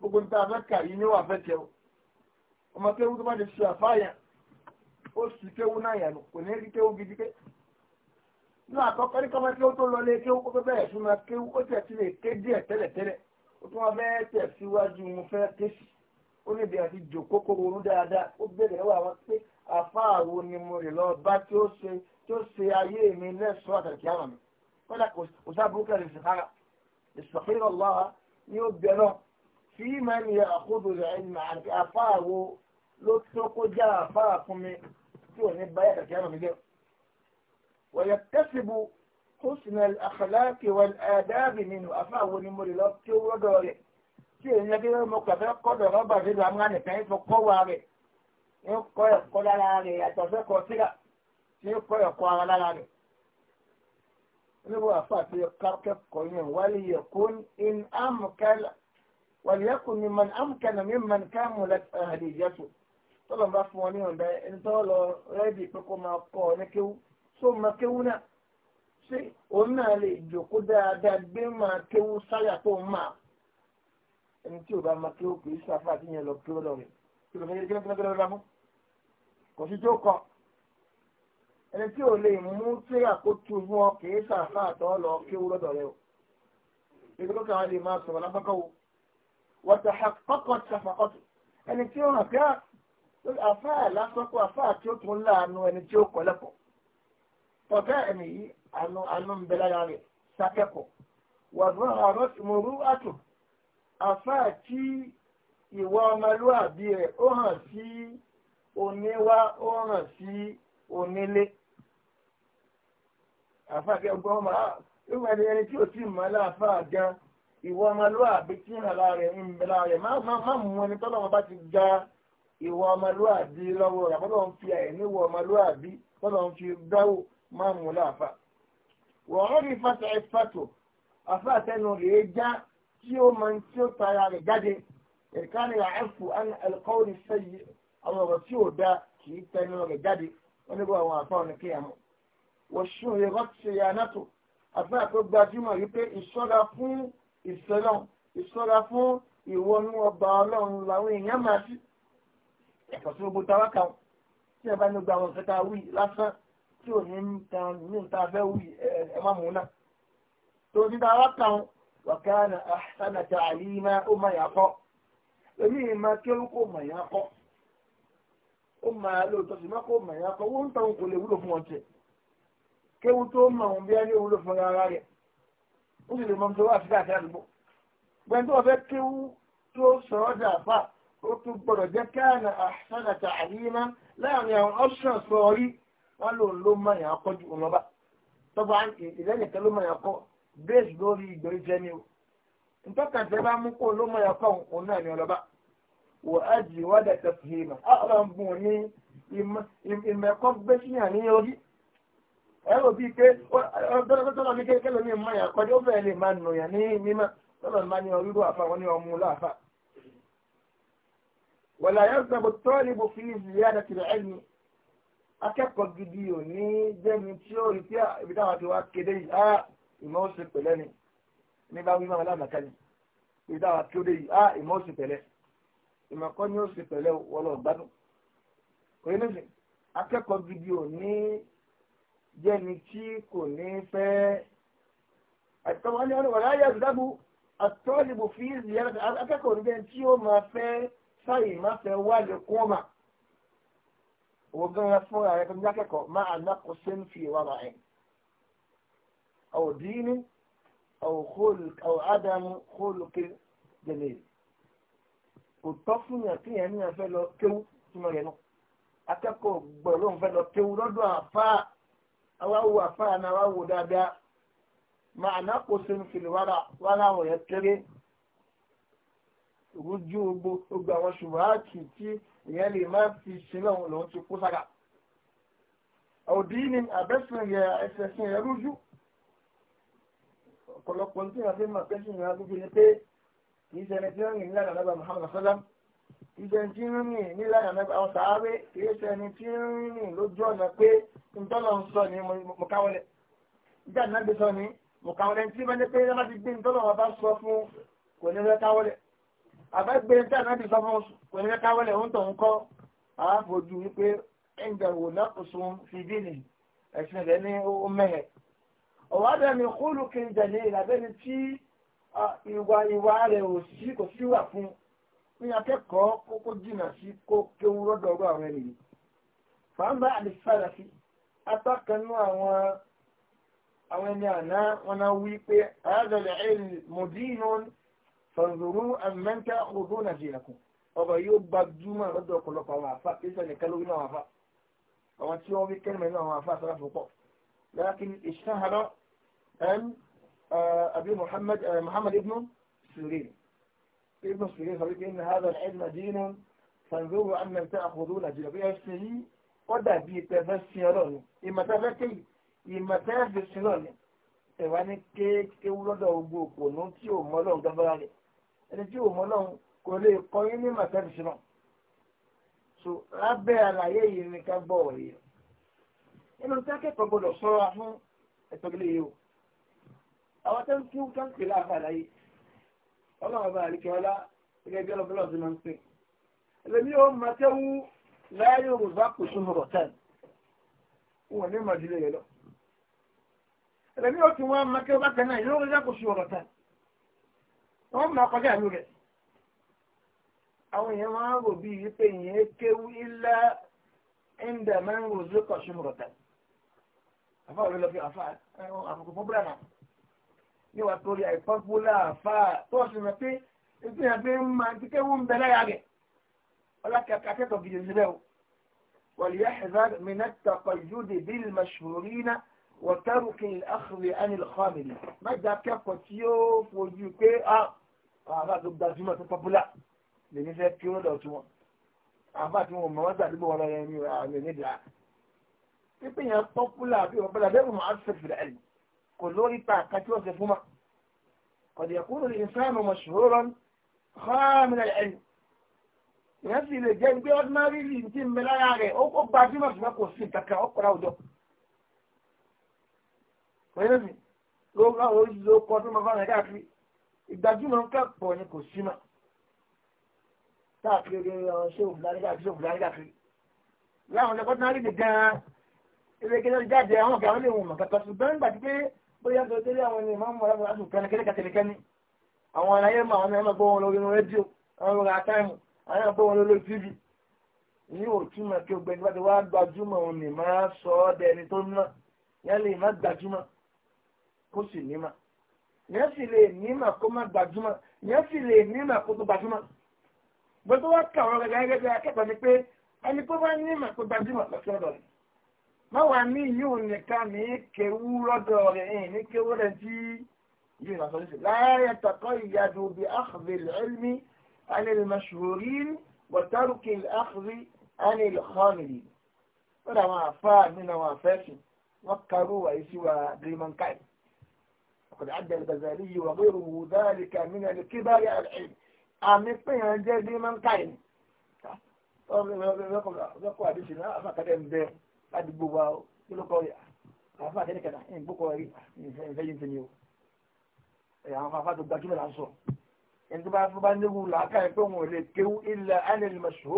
بقول تابك ينوى فكر وما تقول بعد الشافاية أستكو نايان ونهل كو جديك لا أقوق لك ما تقول تقول لك كو كبير شو ما كو كتير كدي تلا تلا وتما بيت سوى جمفاتش ونبيه في جوكو كورو دادا وبدأ هو وقتي àfáàwo ni mo lè lọ bá tí ó ṣe tí ó ṣe ayé mi lẹ́sọ̀ọ́ àtàkì àwọn mi kọ́dà kò sábà kẹ́rì ìsìkára ìsìkírà lọ́wọ́ ni ó bẹ̀rọ̀ tí màá ní àkóso rẹ̀ ẹ̀yìn àti àfáàwo ló tó kó já àfáà fún mi tí ò ní báyà àtàkì àwọn mi jẹ́. wọ̀yẹ̀ tẹ́sibú húsìnà àkàlákì wọn àdáàbì nínú àfáàwo ni mo lè lọ tí ó rọ́dọ̀ rẹ̀ tí èyí ń yẹ kí wọ́n mọ ní ó kọ́ ẹ̀kọ́ lára rẹ̀ yàtọ̀ sẹ́kọ̀ọ́ síra tí ó kọ́ ẹ̀kọ́ ara lára rẹ̀. oníwọ̀ àfàtì kẹ́kọ̀ọ́ yẹn wálé yẹ̀kún in amkala wàlíyẹ́kùn mi man amkala mi man káàmù àdìjẹ́tù tọ́lọ̀ bá fún wọn ní ọ̀dà ẹni lọ rẹ́dì pé kó máa kọ́ ọ ní kéwú só máa kéwú náà ṣé òun náà lè jòkó dáadáa gbé máa kéwú sáyà tó máa ẹni tí ò bá máa kéwú kì í yẹn kìlọ̀fẹ́ kìlọ̀fẹ́ lọ́mú kò sí tó kọ ẹni tí ò lè mú tíra kó tu fún ọ kì í sàfà àtọ́ lọ kí ó lọ́dọ̀ rẹ o ìgbẹ́ kan lè máa sọ̀rọ̀ lápákọ́ o wọ́tà kọ́kọ́ ṣàfàkọ́tù ẹni tí ó hàn pé àfà lásọ́kọ́ àfà tí ó tún láàánú ẹni tí ó kọ́ lẹ́kọ̀ọ́ tọ́kẹ́ ẹni yìí àánú àánú ń bẹ lára rẹ̀ sákẹ́kọ̀ọ́ wàdúrà ìwà ọmọlúwàbí rẹ̀ ó hàn sí oníwá ó hàn sí onílé àfàkẹ́ ọgbọ́n ọmọ ìwà ah, ẹni tí ò tí mọ́ láàfáà gan ìwà ọmọlúwàbí tí hàn lára ẹ̀ ń bẹ lára ẹ̀ má mú ẹni tọ́lọ́mọ bá ti ga ìwà ọmọlúwàbí lọ́wọ́ rẹ̀ bọ́lọ́ ń fi àìní ìwà ọmọlúwàbí bọ́lọ́ ń fi dáwò má mú láàfáà wọ́n rí fàtà ẹ̀fàtò àfáà tẹnu já tí ó máa tí ó tara rẹ̀ jáde ìkànnì àfù alqawl sayyi àwọn ọ̀rọ̀ tí ò da kì í tẹnu rẹ̀ jáde wọ́n níbo àwọn àfa ọ̀nà kéèyàn mọ̀ wọ́n sún ìrọ́ ṣe yànnàtò àfẹ́ àpé gbajúmọ̀ wípé ìṣọ́ra fún ìṣẹ́lọ̀ ìṣọ́ra fún ìwọ́nú ọba ọlọ́run làwọn èèyàn máa sí ẹ̀kọ́ sí gbogbo táwa kan tí ẹ bá ní gba àwọn kẹta wí lásán tí ò ní kan ní ta fẹ́ wí ẹ má mú náà tó ní táwa kan wàkàna ahsana ta'alima ó èmi ìmọ̀ kéwú kò mọ̀ yẹn kọ́ ó máa lóòótọ́ sí má kò mọ̀ yẹn kọ́ wọ́n ń tàn kò lè wúlò fún ọ tiẹ̀ kéwú tó mọ̀ òun bí ẹni wúlò fún ara rẹ̀ ó sì lè mọ̀ tó wà sí àti àdúgbò gbẹ̀ǹ tó wọ́n fẹ́ kéwú tó sọ̀rọ̀ dà fà ó tún gbọ́dọ̀ jẹ́ káàna àṣàkàtà àríyíná láàrin àwọn ọ́ṣàn sọ̀rí wọn lòun ló mọ̀ yẹn kọ́ ju òun lọ́ba tọ́gbà ntọ́kàtẹ́ bá mú kó ló mọ̀ ẹ̀kọ́ òun náà ni ọlọ́ba wò á jì wá dàtẹ́ fìhìmà á lọ ń bùn ní ìmẹ̀kọ́ gbé síyàn ní orí ẹ̀rọ bíi pé ọ̀dọ́dọ́dọ́dọ́ ní kékeré ní ìmọ̀ ẹ̀kọ́ tí ó bẹ̀rẹ̀ lè máa nù yàn ní mímọ́ lọ́dọ̀ máa ní orí àfa wọn ní ọmú láàfà. wọ̀là yóò gbàgbọ́ tọ́ọ̀lì bó fi ìyáda tìrẹ̀ ẹ̀mí akẹ́kọ̀ọ́ gidi ò ní jẹ́mi tí ó rí tí ibi táwọn ti wá kéde yìí ní bá wíwá aláàbàkà ni ìdá wa kí ó dé yìí á ìmọ̀ ó sì pẹ̀lẹ́ ìmọ̀ kọ́ ni ó sì pẹ̀lẹ́ wọlọ́ gbádùn òye nísìn akẹ́kọ̀ọ́ gidi ò ní jẹ́ni tí kò ní fẹ́ àtọ́wọ́n ní ọ̀rọ̀ wàlá yà zùdábù àtọ́lìbò fi ziyara akẹ́kọ̀ọ́ ní jẹ́ni tí ó máa fẹ́ sáyì má fẹ́ wá lè kún ọ̀mà owó gan fún ààrẹ tó ní akẹ́kọ̀ọ́ máa nàkó sẹ́ńfì wàrà ẹ̀ أو خلق أو عدم خلق جميل kò tọ́ fún yàn kí yàn ní yàn fẹ́ lọ kéwú túmọ̀ yẹn nù akẹ́kọ̀ọ́ gbọ́dọ̀ ló ń fẹ́ lọ kéwú lọ́dọ̀ àfa àwa wo àfa náà àwa wo dáadáa màánà kò sínú fìlè wàrà wàrà àwọn yẹn kéré rújú gbogbo àwọn ṣùgbọ́n tí ìyẹn lè má fi ṣe lọ́hùn lòún ti kó sára òdì ní abẹ́sùn yẹ ẹsẹ̀ sí yẹn rújú ọ̀pọ̀lọpọ̀ tí wọ́n fi máa pẹ́sì ìrìn àgùnfì ni pé kì í ṣẹni tí wọ́n rìn nílànà nàbà Muhammad sallam kì í ṣẹni tí ń rìn nílànà nàbà àwọn sàárè kì í ṣẹni tí ń rìn lójú ọ̀nà pé ntọ́lọ̀ ń sọ ni mo káwọlẹ̀ nígbà náà gbé sọ ni mo káwọlẹ̀ tí wọ́n ní pé wọ́n ti gbé ntọ́lọ̀ wọn bá sọ fún kò ní fẹ́ káwọlẹ̀ àbá gbé nígbà náà ti sọ fún kò ní fẹ́ káwọlẹ̀ ń tọ̀ ń kọ́ àáfojú wípé ẹ̀ǹdà wò náà kò sun fi bí ni ẹ̀sìn rẹ̀ ní ó mẹ́hẹ̀ẹ́ ọ̀wádẹ́ mi kúlù kiri jẹ̀lẹ̀ ìlàbẹ́ni tí ìwà ìwà rẹ̀ ò sí kò sí wà fún ní akẹ́kọ̀ọ́ kókó jìnà sí kó kéwú lọ́dọ̀ọ́rọ̀ àwọn ènìyàn fàmbá àdìsára sí apá kan nú àwọn àwọn ẹni àná wọn náà wí pé àádọ́lẹ̀ ẹ̀rì mọ̀dínú fàǹzòrò àmẹ́ńtà ọdún nàìjíríàkùn ọ̀rọ̀ yóò gbajúmọ̀ lọ́dọ̀ ọ̀pọ̀lọpọ̀ àwọn àfa kí sọ̀rọ̀ nìkan náà àwọn àfa àwọn tí wọ́n wí kẹ́rìmẹ́ náà àwọn àfa sọ́ra fòpọ̀ lákìn ìṣáhàrọ̀ أم أبي محمد محمد ابن سيرين ابن سيرين قال إن هذا العلم دين فانظروا أن لم تأخذون جلبية سيرين kọ́dà bíi tẹ́fẹ́ sin ọlọ́run ìmọ̀tá fẹ́ ké ìmọ̀tá ẹ̀fẹ́ sin ọlọ́run ẹ̀wá ní kéékè wúlọ́dọ̀ gbogbo òpònú tí ò mọ ọlọ́run dábàrà rẹ̀ ẹni tí ò mọ ọlọ́run kò lè kọ́ ní ìmọ̀tá ẹ̀fẹ́ so lábẹ́ àlàyé yìí ni ká gbọ́ ọ̀rẹ́ yìí. nínú tí akẹ́kọ̀ọ́ gbọ́dọ̀ sọ́ra fún ẹ̀tọ́gilé yìí o àwọn tó ń kí wọ́n kàn pè láàfà láyé ọlọ́run bá àríkẹ́ ọlá gẹ́gẹ́ bí ọlọ́pẹ́ lọ́sí máa ń pè ẹlẹ́mí ó máa tẹ́wú láyé yorùbá kò sún ọ̀rọ̀ tán wọn ní màdílé rẹ lọ ẹlẹ́mí ó ti wọ́n máa kẹ́ bákan náà ìlú yorùbá kò sún ọ̀rọ̀ tán wọ́n máa kọjá ìlú rẹ̀ àwọn èèyàn máa ń rò bí wípé ìyẹn kéwú ilá ẹ̀ńdà máa ń rò zókọ̀ sún ọ̀rọ̀ tán àfáà níwà torí àìpọ́pọ́lá àfà tó ọ̀sìn rẹ̀ pé ètò yẹn pé ń máa ti kéwù ń bẹ láyà rẹ̀ ọlákàkà akẹ́kọ̀ọ́ gidi síbẹ̀ o وليحذر من التقيد بالمشهورين وترك الأخذ عن الخامل ما دا kẹ́kọ̀ọ́ tí ó fojú pé ah, àbá tó gbajúmọ̀ tó pọ́pọ́lá lè ní fẹ́ kí wọ́n dọ̀ tí wọ́n àbá tí wọ́n mọ̀ wọ́n sàdúgbò wọn lọ́yẹ̀ ah, ní ìlú nídìí à. pípé yẹn bí wọ́n bọ́lá bẹ́ẹ̀ mọ̀ á fẹ́ fìlà ẹ̀yìn kò lórí pa àká tí ó ṣe fún ma qad yakunu al-insanu mashhuran khamil al-ilm ìyẹn sì lè jẹ́ gbé ordinary league tí ń bẹ lára rẹ̀ ó kó gbajúmọ̀ ṣùgbọ́n kò sí kankan ó kọ́ra òjò. wọ́n yẹn sì ló ń láwọn oríṣiríṣi ó kọ́ tó máa fáwọn ẹ̀dá àfi ìgbàjúmọ̀ ń kẹ́pọ̀ ni kò sí mà. káàkiri ọ̀rọ̀ ṣé káàkiri ṣé òun káàkiri. láwọn ọ̀dọ́ bóyá tó tẹ́lẹ̀ àwọn ènìyàn máa ń mọ̀lá mọ̀lá sùn kẹ́lẹ́kẹ́lẹ́ kẹ́lẹ́kẹ́ni àwọn aláyé mọ̀ àwọn ẹ̀mọ́ gbọ́n lórí rédíò àwọn ọ̀rọ̀ àtàìmù àwọn ẹ̀mọ́ gbọ́n lórí tv ní òtúmọ̀ kí o gbẹ̀dẹ̀ bá ti wá gbajúmọ̀ òun ni máa sọ ọ́ dẹ ẹni tó ná yẹn lè má gbajúmọ̀ kó sì nímà yẹn sì lè nímà kó má gbajúmọ̀ yẹn sì lè nímà kó tó gbajúmọ̀ gbogbo wa kà ọ̀rọ̀ gẹ́gẹ́ gẹ́gẹ́ akẹ́kọ̀ọ́ ni pé ẹni tó bá nímà kó gbajúmọ̀ lọ́sọ̀rọ̀ rẹ̀ máwàá ní yóò nìkan ní kéwú lọ́dọ̀ rẹ̀ ẹ̀yìn ní kéwú rẹ̀ tí yìí rà sọ́dọ̀ sí láyé takọ́ ìyàdù bí àkàbí ilmi anil mashhurin wa tarki àkàbí anil khamilin. ó dà wọn àfa nínú àwọn àfẹ́sìn wọn karú wàyí sí wa grimankai. وقد عد الغزالي وغيره ذلك من الكبر على العلم àmì pèèyàn jẹ́ bí mọ́ńkáì. lọ́kọ̀ àdìsí náà àfàkàdé ń bẹ́ẹ̀. ládùúgbò wa ó kí ló kọ́ rí àfa àtẹ́lẹ̀ kẹta ẹ̀ ń gbókọ̀ rí ìfẹ́ yìí ń tẹ̀lé o àwọn afa tó gbajúmọ̀ là ń sọ ẹni tó bá fún bá níhu làákà ẹ̀ pé òun ò lè kéwú ilẹ̀ alẹ́lẹ́mọ̀ṣó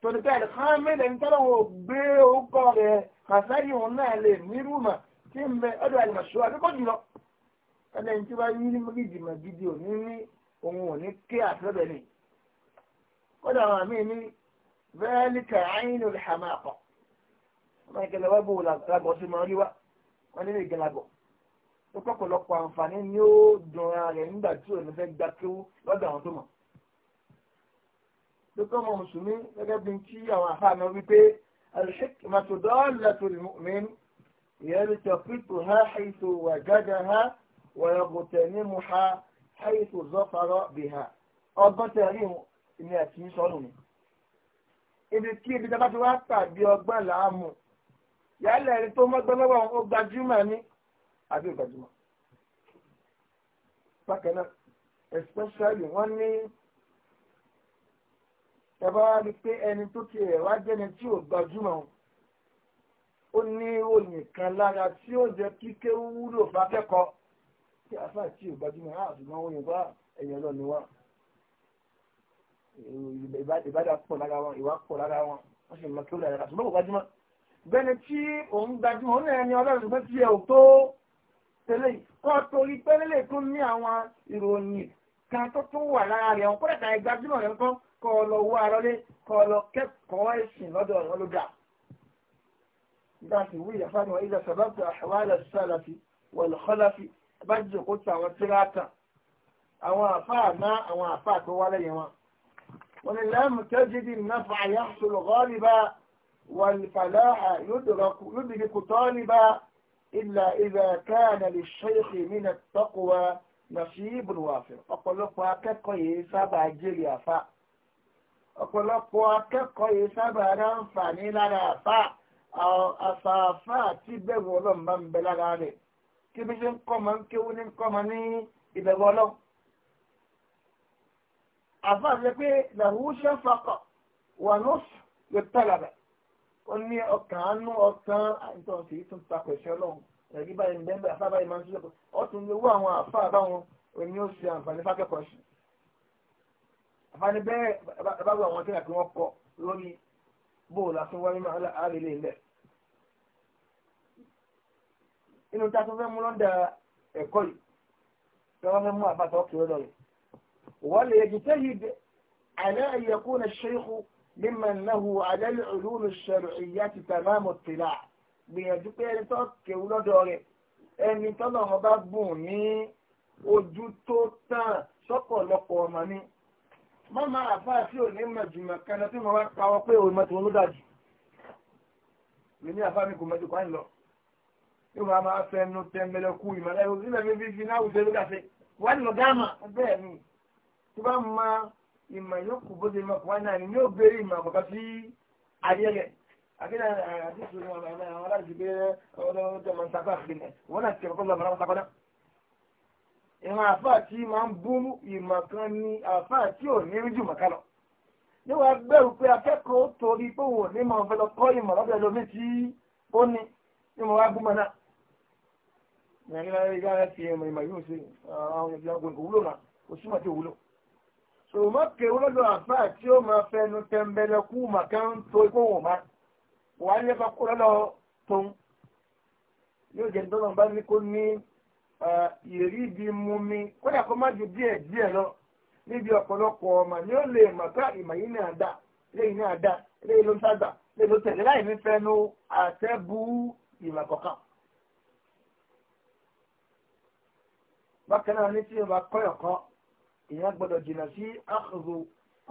torí pé àdìkà mẹ́lẹ̀ ń tọ́lọ́ wọn ò gbé orúkọ rẹ̀ kàṣáyì òun náà lè nírú tí ń bẹ ọdọ̀ alẹ́mọ̀ṣó àdìkọ́ jùlọ ẹni ẹni tí yí ní méjì gidi ò ní òun ò ní ké àtẹ́bẹ̀ ni kódà àwọn àmì ní bẹ́ẹ̀ ọmọ ìkẹlẹ wá bòwò làgbọ̀ sí máa rí wá wọn nílé ìgẹlàgbọ̀ tó pọ̀pọ̀lọpọ̀ àǹfààní ni ó dunra rẹ̀ nígbà tí òun fẹ́ gba kéwú lọ́dọ̀ àwọn tó mọ̀ dókítà ọmọ mùsùlùmí gẹ́gẹ́ bí tí àwọn àfáàmì wípé الحكمة ضالة المؤمن يلتقطها حيث وجدها ويغتنمها حيث ظفر بها ọgbọ́n tẹ̀rí ìní àti sọ́nù mi ibi tí ibi tí a bá ti wá pàdé ọgbọ́n làámu yálẹ̀ ẹni tó mọ́gbẹ́ lọ́wọ́ ó gbajúmọ̀ ní àbí gbajúmọ̀. bákan especially wọ́n ní ẹ̀bá wá rí pé ẹni tó ti ẹ̀ wá jẹ́ni tí ò gbajúmọ̀ ó ní òyìn kan lára tí ó jẹ́ kíké wúlò fákẹ́kọ̀ọ́ tí afá tí ò gbajúmọ̀ á àdùnmọ́ òyìn bá ẹ̀yìn ọlọ́ni wá ìbádà pọ̀ lára wọn ìwà pọ̀ lára wọn wọ́n sì mọ̀ kí ó lára àtúmọ̀ kò gbajúmọ̀ bẹni tí òun gbajúmọ̀ ní ẹni ọlọ́run pé tí ẹ ò tó tẹ́lẹ̀ kọ́ torí pé lélẹ̀ tó ní àwọn ìròyìn kan tó tún wà lára rẹ̀ ọ̀n kọ́lẹ̀ta ìgbajúmọ̀ rẹ̀ ńkọ́ kọ́ lọ wá arọ́lé kọ́ lọ kẹ́kọ̀ọ́ ẹ̀sìn lọ́dọ̀ ọ̀rọ̀ ló dà. dáàtì wí ìyàfáàní wa ilẹ̀ sàbàbù àwàlẹ̀ sàlàfì wọ̀lùkọ́láfì bá والفلاح يدرك يدرك طالبا إلا إذا كان للشيخ من التقوى نصيب وافر ọ̀pọ̀lọpọ̀ akẹ́kọ̀ọ́ yìí sábà jèrè àfà ọ̀pọ̀lọpọ̀ akẹ́kọ̀ọ́ yìí sábà ránfààní lára àfà àfààfà àti ìbẹ̀rù ọlọ́run bá ń bẹ lára rẹ̀ kí bí ṣe ń kọ́mọ ń kéwú ní kọ́mọ ní ìbẹ̀rù ọlọ́run. àfà ṣe pé làwọn ṣe ń fakọ̀ wà lóṣù yóò tẹ̀lé rẹ̀ ó ní ọkàn àánú ọkàn àìsàn sì tún takò ẹ̀ṣẹ̀ ọlọ́run ẹ̀rí báyìí nígbà bẹ́ẹ̀ afá báyìí máa ń ṣiṣẹ́ pọ̀ ó tún lè wú àwọn àfá àbáwọn òní ó ṣe àǹfààní fákẹ́kọ̀ọ́ sí àǹfààní bẹ́ẹ̀ bá wù àwọn tẹ́lẹ̀ kí wọ́n kọ lórí bóòlù àti wáyé máa ilẹ̀ inú tá a fẹ́ mú lọ́dà ẹ̀kọ́ yìí tí wọ́n fẹ́ mú àbátọ̀ kìlọ́dọ̀ yìí wọ́n lè yẹ ممن له على العلوم الشرعية تمام اطلاع gbìyànjú pé ẹni tó kéwú lọ́dọ̀ rẹ̀ ẹni tọ́lọ̀ wọn bá bùn ní ojú tó tàn sọ́pọ̀lọpọ̀ ọmọ ni. má máa àfáà tí ò ní mọ̀ jùmọ̀ kan lọ tí mo wá pawọ́ pé òun mọ̀tò ló dàjù. mi ní àfáà mi kò mọ̀tò kan lọ. yóò máa máa fẹnu tẹ̀mẹ̀lẹ̀kù ìmọ̀lẹ́ òsínlẹ̀ mi fi fi náà wùdó ló dàṣẹ. wọ́n lọ gáàmà bẹ́ẹ̀ ni tí bá máa ìmọ̀ yóò kù bó ṣe mọ̀ kó wá náà ni yóò béèrè ìmọ̀ àkọ́kọ́ sí ayé rẹ̀ àbílẹ̀ àti ìṣòro àwọn aláàjì pé ọlọ́run tó máa ń sakọ́ àfihàn wọn náà ti kẹ́kọ̀ọ́ lọ́mọ náà sakọ́ náà. ìwọ̀n àfáà tí máa ń bú ìmọ̀ kan ni àfáà tí ò ní ríjù mọ̀ká lọ. níwọ̀n agbẹ́rù pé akẹ́kọ̀ọ́ torí pé òun ò ní máa fẹ́ lọ kọ́ ìmọ̀ lọ́dọ̀ ẹlòmí tí ó ní ìmọ̀ ìmọ̀ yóò náà kò òmọ́ kéwọ́ lọ́dọ̀ àfáà tí ó máa fẹnu tẹ́mbẹ́lẹ́kú màkà ń to ikú wò má wà á lẹ́fà kó lọ́dọ̀ tó ń yóò jẹ́ nítorí bá ní kó ní ìrírí ibi mú mi kódà kó má ju díẹ̀ díẹ̀ lọ níbi ọ̀pọ̀lọpọ̀ ọmọ ni ó lè mọ̀ ìmọ̀ yìí ló ń ló tẹ̀lé láì ní àtẹ́bù ìmọ̀ kọ̀ọ̀kan. bákan náà ní tí ìyẹn gbọ́dọ̀ jìnnà sí àkàzò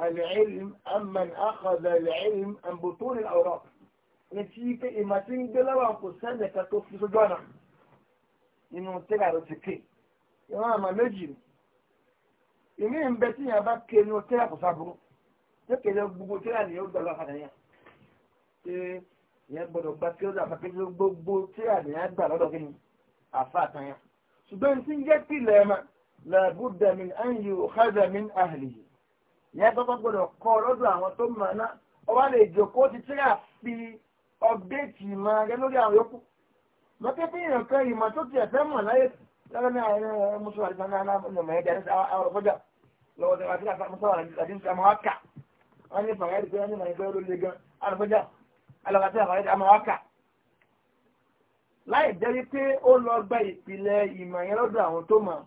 àlẹ́ẹ̀lìm àmàn àkàzò àlẹ́ẹ̀lìm àmbòtóni ọ̀rọ̀ etí pé ìmọ̀ tí ń gbé lọ́wọ́ kò sẹ́lẹ̀ ká tó fi sójú ọ̀nà inú tíra ló ti ké ìwọ́n àmà méjì ìmí ń bẹ tí yẹn bá ké inú tíra kò sábúrú tó kéde gbogbo tíra ni yóò gbọ́dọ̀ àkàdé yẹn ṣé ìyẹn gbọ́dọ̀ gba kí ó dà fà kéde gbogbo tíra ni yẹn gbà lọ́dọ̀ kí ni àfa àtàyàn ṣùgbọ́n làbúdà mi à ń yọ ọ̀hádà mi àhàlì yìí ìyẹn tó kọ́ gbọ́dọ̀ kọ́ lọ́dọ̀ àwọn tó mọ̀ ná ọba lè jòkó ti tíra fi ọ̀bẹ́ẹ̀tì mọ rẹ lórí àwọn yòókù lọ́kẹ́ bí èèyàn kan ìmọ̀ tó tiẹ̀ fẹ́ mọ̀ láyé lọ́wọ́ ní àwọn mùsùlùmí àti sáńdà náà ní ọmọ ẹ̀dá àwọn ọ̀fọ́jà lọ́wọ́ tẹ̀wá wọ́n ní fàrẹ́ láì jẹ́ wípé ó lọ gba ìpìlẹ̀ ìmọ̀ yẹn lọ́dọ̀ àwọn tó mọ̀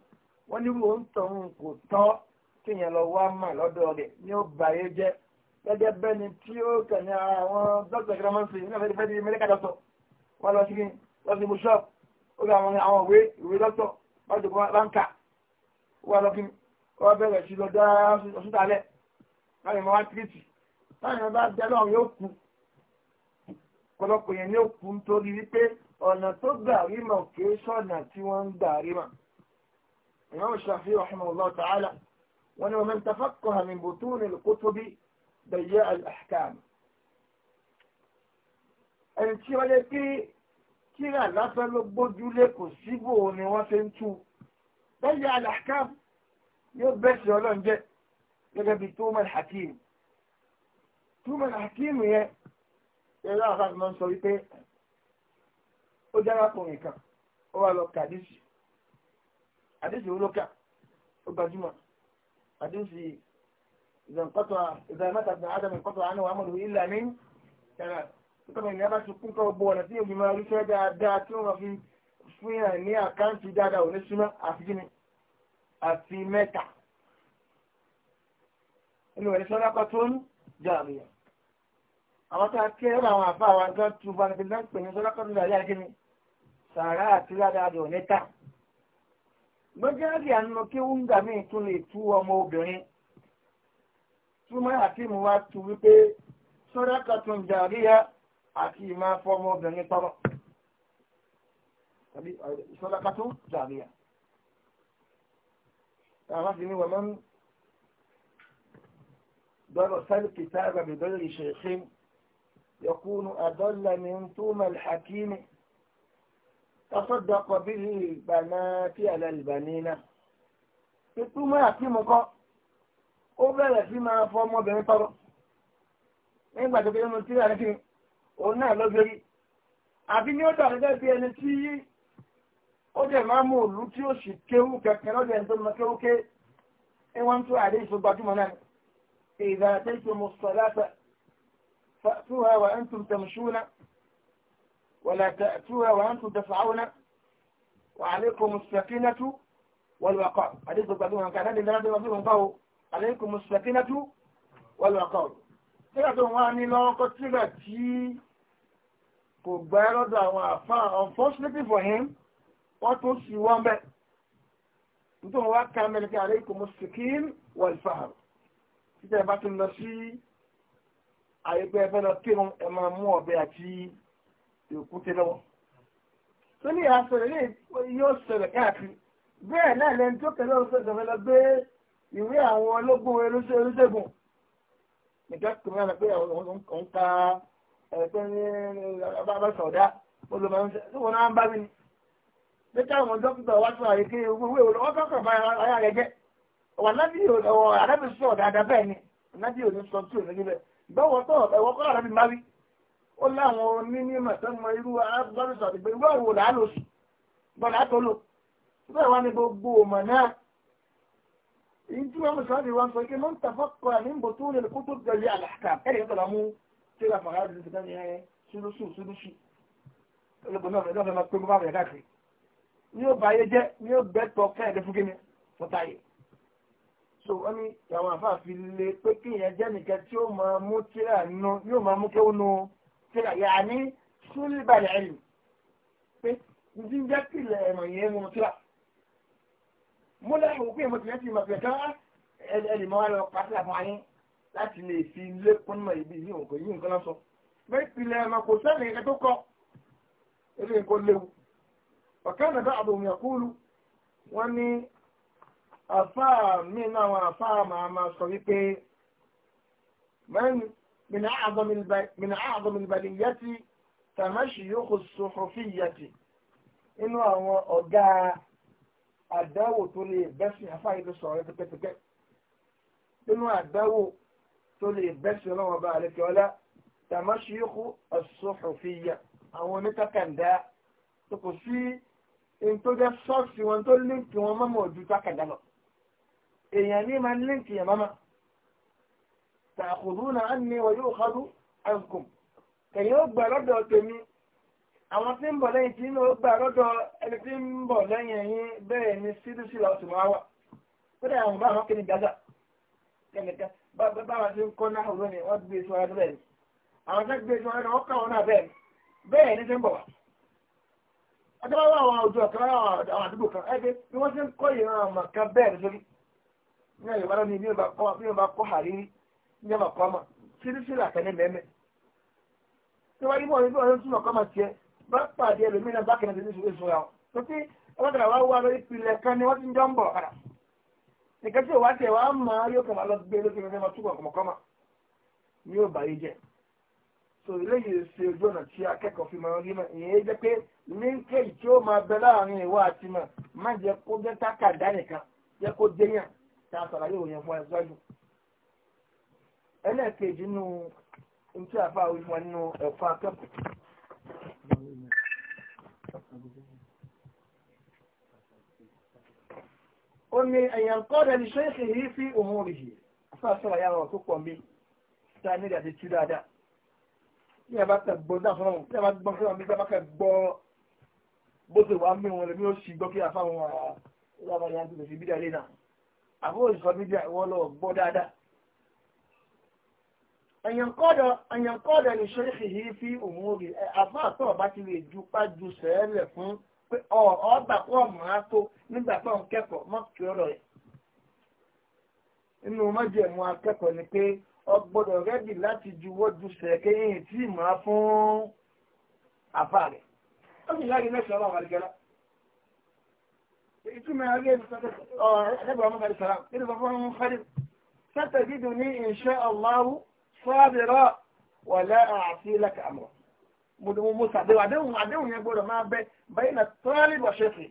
wọ́n ní wọ́n ń tọ̀hún kò tọ́ kéèyàn lọ wá mà lọ́dọ̀ rẹ̀ ní ó bà yé jẹ́ gẹ́gẹ́ bẹ́ni tí ó kẹ̀lé àwọn dókítà kí wọ́n máa ń sè nígbà fẹ́ẹ́ di mẹ́ríkà dọ́tọ̀ wọ́n lọ sí kí lọ sí mushop ó lọ àwọn àwọn ìwé ìwé dọ́tọ̀ wọ́n ti kọ́ láǹkà wọ́n lọ kí wọ́n bẹ̀rẹ̀ sí lọ dá ọ̀ṣútàlẹ̀ láyé mọ́ wá tírìtì láyé mọ́ bá dẹ́ lọ́run yóò kú ọ̀pọ̀lọpọ̀ yẹn yóò kú nítorí wípé ọ̀nà tó gbà rímọ̀ kì í الإمام الشافعي رحمه الله تعالى وأن ومن تفقه من بطون الكتب ضياء الأحكام ẹni tí wọ́n lé pé kíra lásán ló gbójúlé kò síbò ni wọ́n fi ń tú ضياء الأحكام yóò bẹ̀sẹ̀ ọlọ́run gẹ́gẹ́ bí túmọ̀ hakim túmọ̀ hakim yẹn ẹ̀rọ àfàgbọ́n sọ wípé ó dára kùnrin kan ó wà lọ kàdísì àdéhùn olókà ó gbajúmọ̀ àdéhùn ìdànkọ́tọ̀ ìdàmẹ́ta ìdàn ádámù ìkọ́tọ̀ àánú àmọ̀lù ilà ní tẹ̀rẹ̀ nítorí ìyá bá ti kún kọ́ bọ̀ ọ̀nà tí yóò fi máa rí fẹ́ dáadáa tí wọ́n fi fún yàn ní àkáǹtì dáadáa ò ní súnmọ́ àfi gíní àfi mẹ́ta inú ẹ̀rí sọ́dá kọ́ tó ń jà àmìyàn àwọn tá a kí ẹ̀rọ àwọn àfa àwọn àgbà tó bá ní pé náà pè ní sọ́dá kọ́ tó dà mọ́jáde àná kí ó ń gbà mí tún lè tú ọmọ obìnrin túmọ̀ àti mú wa tu wípé sọ́dáka tó ń jàríyá àti ìmá fọmọ obìnrin tọrọ sọ́dáka tó jàríyá. àwọn ti ní wọ́n mọ́ ضرب الكتاب بغير شيخ يكون أضل من توم الحكيم تصدق به البنات على البنين ìtumọ̀ àtìmọ̀kọ́ ó bẹ̀rẹ̀ sí máa fọ ọmọbìnrin tọrọ nígbà tó kéde mo ti rẹ̀ kí òun náà ló gbé rí àbí ní ó dà gẹ́gẹ́ bí ẹni tí ó jẹ́ máa mú òlú tí ó sì kéwú kẹ̀kẹ́ lọ́dọ̀ ẹni tó mọ kéwú ké ولا تأتوها وأنتم تسعون وعليكم السكينة والوقار حديث بعضهم كان هذه البلد وفيهم قالوا عليكم السكينة والوقار nígbà tó wọ́n á ní lọ́wọ́ kọ́ tíra tí kò gbá lọ́dọ̀ àwọn àfá unfortunately for him wọ́n tó sì wọ́n bẹ́ẹ̀ nítorí wọ́n á ká mẹ́rin kí عليكم السكين والفهر títẹ̀ bá tún lọ sí àyẹ̀pẹ́ ẹ̀fẹ́ lọ kírun ẹ̀ máa mú ọ̀bẹ àti èkúté lọ́wọ́ tó ní ìhàsọ̀rọ̀ ilé yóò sọ̀rọ̀ káàkiri bẹ́ẹ̀ náà lẹni tó kẹ́lẹ́ ọ̀sẹ̀ ìjọba lọ gbé ìwé àwọn ológun olóṣègùn nìkan tó mẹ́rin pé òun ka ẹ̀pẹ́ ní abáṣọ̀dá olùmọ̀ọ́sẹ̀ tó wọn náà ń bá mi ni pé káwọn dókítà wá sí àyè kí owó ìwé olówó kọ́kọ́ bá ara rẹ̀ jẹ́ wà lábí ọ̀rọ̀ àdábì sọ̀rọ̀ dáadáa bẹ́ẹ̀ ni lábí òní sọ tí ò ó láwọn onímọ̀ tó mọ irú agbọ́dọ̀ sọ̀tì pé irú ọ̀rọ̀ làá lò sí bọ́lá tó lò bẹ́ẹ̀ wá ní gbogbo ọmọ náà ìjú ọmọ sọ́ọ́dì wọn sọ pé mọ́ ń tàfọ́kọ̀ ní bò tó lè kó tó gẹ̀lẹ́ àlàkà ẹ̀rì ìtọ́lá mú tí ó fàrà ọdún ti dáni ẹ̀ ṣúrúṣù ṣúrúṣù olùgbò náà lọ́dọ̀ lọ pé mo bá rẹ̀ káàkiri ní ó bá so wọ́n ní àwọn àfáà fi lè pé kíyẹn jẹ́ nìkan tí ó máa mú tíra nù yóò máa mú kéwọ́n nù kíra yà ní súlìbàlẹ̀ ẹ̀lì pé ǹdí jẹ́ kìlẹ̀ ẹ̀mọ̀ yẹn mú kíra mo lẹ́yìn òkú èmo tìlẹ́ ti mọ̀ pé kán ẹ̀lì mọ́ lọ pàṣẹ fún ayé láti lè fi lékún mọ̀ ibi yìí nǹkan yìí nǹkan lọ́sọ bẹ́ẹ̀ kìlẹ̀ ẹ̀mọ̀ kò sẹ́ni ẹ̀kẹ́ tó kọ́ eré nǹkan léwu ọ̀kẹ́ nàdá àbòmíyàn kúlù wọ́n ní àfáà mí náà àwọn àfáà máa sọ wípé mẹ́rin من أعظم الب... من أعظم البلية تمشيخ الصحفية إنه هو أجا أداو تولي بس حفايد الصعيد كتبك إنه أداو تولي بس لو بالك ولا تمشيخ الصحفية أو نتكن دا تقصي إن تجا صوصي وأن تلينك وماما وجوتك دلو إيه يعني ما لينك يا ماما tààkùrúnà ánì na a kọ́dú ànkùn kẹ̀yìn àwọn tí ń bọ̀ lẹ́yìn tí ó gbà lọ́dọ̀ ẹni tí ń bọ̀ lẹ́yìn ẹ̀yìn bẹ́ẹ̀ ni máa wà àwọn bá gaza bá wọn ti ń kọ́ náà wọ́n gbé sí wọn bẹ́ẹ̀ ni àwọn gbé sí wọn wọ́n kà wọn náà bẹ́ẹ̀ ni bẹ́ẹ̀ ni ń bọ̀ ọjọ́ nyɛ ma kɔma siri siri akɛnɛ mɛmɛ tiwari bɔ ni bɔn tuma kɔma tiɛ ba kpa diɛ lomi na ba kɛnɛ ti nisɔn esɔn yan o ti ala kana wa wa lori pilɛ kan ni waati njɔn bɔ kana ne ka se o waati wa ma yɔ kama lɔ gbɛ lɔ kɛmɛ ma tukɔ kɔmɔ kɔma ni y'o ba yi jɛ so ilé yìí ṣe ojú ọ̀nà tí akẹ́kọ̀ọ́ fi máa ń rí náà ìyẹn jẹ́ pé ní kéyìí tí ó máa bẹ láàrin ìwọ àti mọ̀ má jẹ́ kó jẹ́ tákàdá nìkan jẹ́ kó déyàn tá a sọ̀rọ̀ yóò yẹn fún ẹ sọ́jú ẹlẹ́ẹ̀kejì nínú ntí àfa òṣùwọ̀n nínú ẹ̀kọ́ akẹ́kọ̀ọ́. ó ní ẹ̀yàn kọ́dẹ̀ ní ṣéèkì yìí fi òun rì yìí afáàṣọ àyà wọn tó pọ̀ mí tá a ní ìdàdí tú dáadáa bí a bá tẹ gbọ́n náà fún wọn bí a bá gbọ́n fún wọn bí a bá kẹ gbọ́ bó ti wàá mí wọn lèmi ó sì gbọ́ kí afáwọn àwọn ọlọ́mọdé á ti lè fi bídà lé náà àbúrò ìsọ bídà ìwọ lọ gbọ́ dáadáa ẹ̀yàn kọ́ọ̀dọ̀ ni ṣéèkì yìí fi òmùrè àbá àtọ̀ bá ti lè ju pájú sẹ́ẹ̀lẹ̀ fún pé ọgbà pọ̀ máa tó nígbà tó ń kẹ́kọ̀ọ́ mọ́ kí ọ̀rọ̀ rẹ̀. inú májèmú akẹ́kọ̀ọ́ ni pé ọgbọ́dọ̀ rẹ́dì láti juwọ́ ju sẹ̀kẹ́ yìí tí máa fún àbá rẹ̀. ó sì láti mẹ́sàn-án ọlọ́run àdìgẹ́lá. ìtumọ̀ ẹgbẹ́ ìsọ̀rọ̀ ẹgbẹ́ ọmọ fábìrọ̀ wọ̀lẹ́ àti ilẹ̀kà àmọ̀ mo sàdéhùn àdéhùn àdéhùn yẹn gbọ́dọ̀ máa bẹ bẹ́yìn náà tọ́lá lè bọ̀ ṣẹ́fì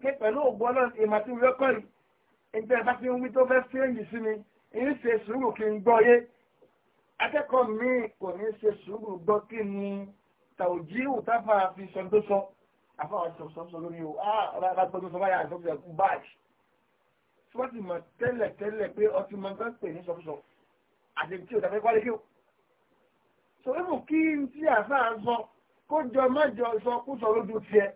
pé pẹ̀lú ògbọ́n náà ìmọ̀ tí wọ́n kọ́ yìí ẹgbẹ́ bá ti ń wí tó fẹ́ fíìngì sí mi ń ṣe sùúrù kí n gbọ́ yé akẹ́kọ̀ọ́ mi kò ní ṣe sùúrù gbọ́ kí ni tàòjí òtáfà fi sọ tó sọ àfọwọ́n sọ sọ sọ lórí o ah ọba bá gbọ́dọ̀ sọ báyà sọ fún báàjì tí wọ́n ti mọ̀ tẹ́lẹ̀ tẹ́lẹ̀ pé ọtí mọ̀ ń pè ní sọ́kúsọ̀ àti tí o tàbí kwalẹ́ kí o. so ibù kí n tí àfáà sọ kó jọ mọ́jọ sọ kó sọ lójú tiẹ̀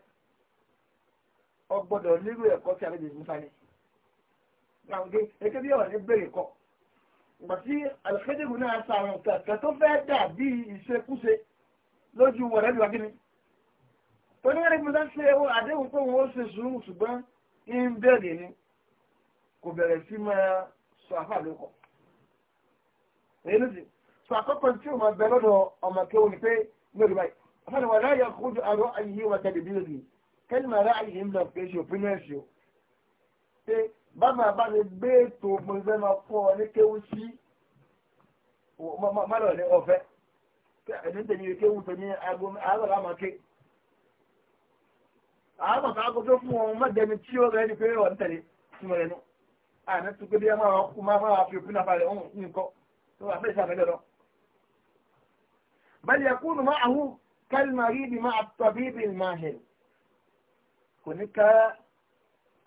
ọ gbọ́dọ̀ nílò ẹ̀kọ́ tí a lè dè nípa ni. gbàgbé gẹ́gẹ́ bí ọ̀rọ̀ ní bèrè kọ́ gbàtí alùpẹ́dẹ́gùn náà sa àwọn kẹ̀kẹ́ tó fẹ́ dà bí ìṣekúṣe lójú wọ̀rẹ́ bí wà kí ni. oníwèrè fún sáà ṣe àdéhùn pé wọn ó ṣe sùúrù ṣùgbọ́n ń bẹ̀rẹ̀ ni kò bẹ̀rẹ̀ sí máa sọ àfáà lóko èyí ló sì sọ àkọ́kọ́ tí o máa bẹ lọ́dọ̀ ọmọ kéwòn ni pé lórí báyìí afẹ́ni wà láyà kúndù àrò ayé wa tẹ̀lé bí lórí kẹ́lí màá rà ayé ńlọ pé ṣe òpin náà ṣe o pé bàbá bá mi gbé ètò mo fẹ́ máa fọ́ ọ ní kéwòn sí má lọ ní ọ̀fẹ́ ẹni tẹ̀lé kéwòn tó ní aago àárọ̀ láwọn ké àwọn ọ̀sán aago tó fún ọ mọ́jẹni tí ó rẹ ni pé ọ̀ ń tẹ̀lé sí mọ̀ rẹ̀ nù àná tó gbé bí ẹ máa fi òpin náà balẹ̀ ọ̀hún nǹkan. هو عمال يسمع ده بل يكون معه كالمريض مع الطبيب الماهر هناك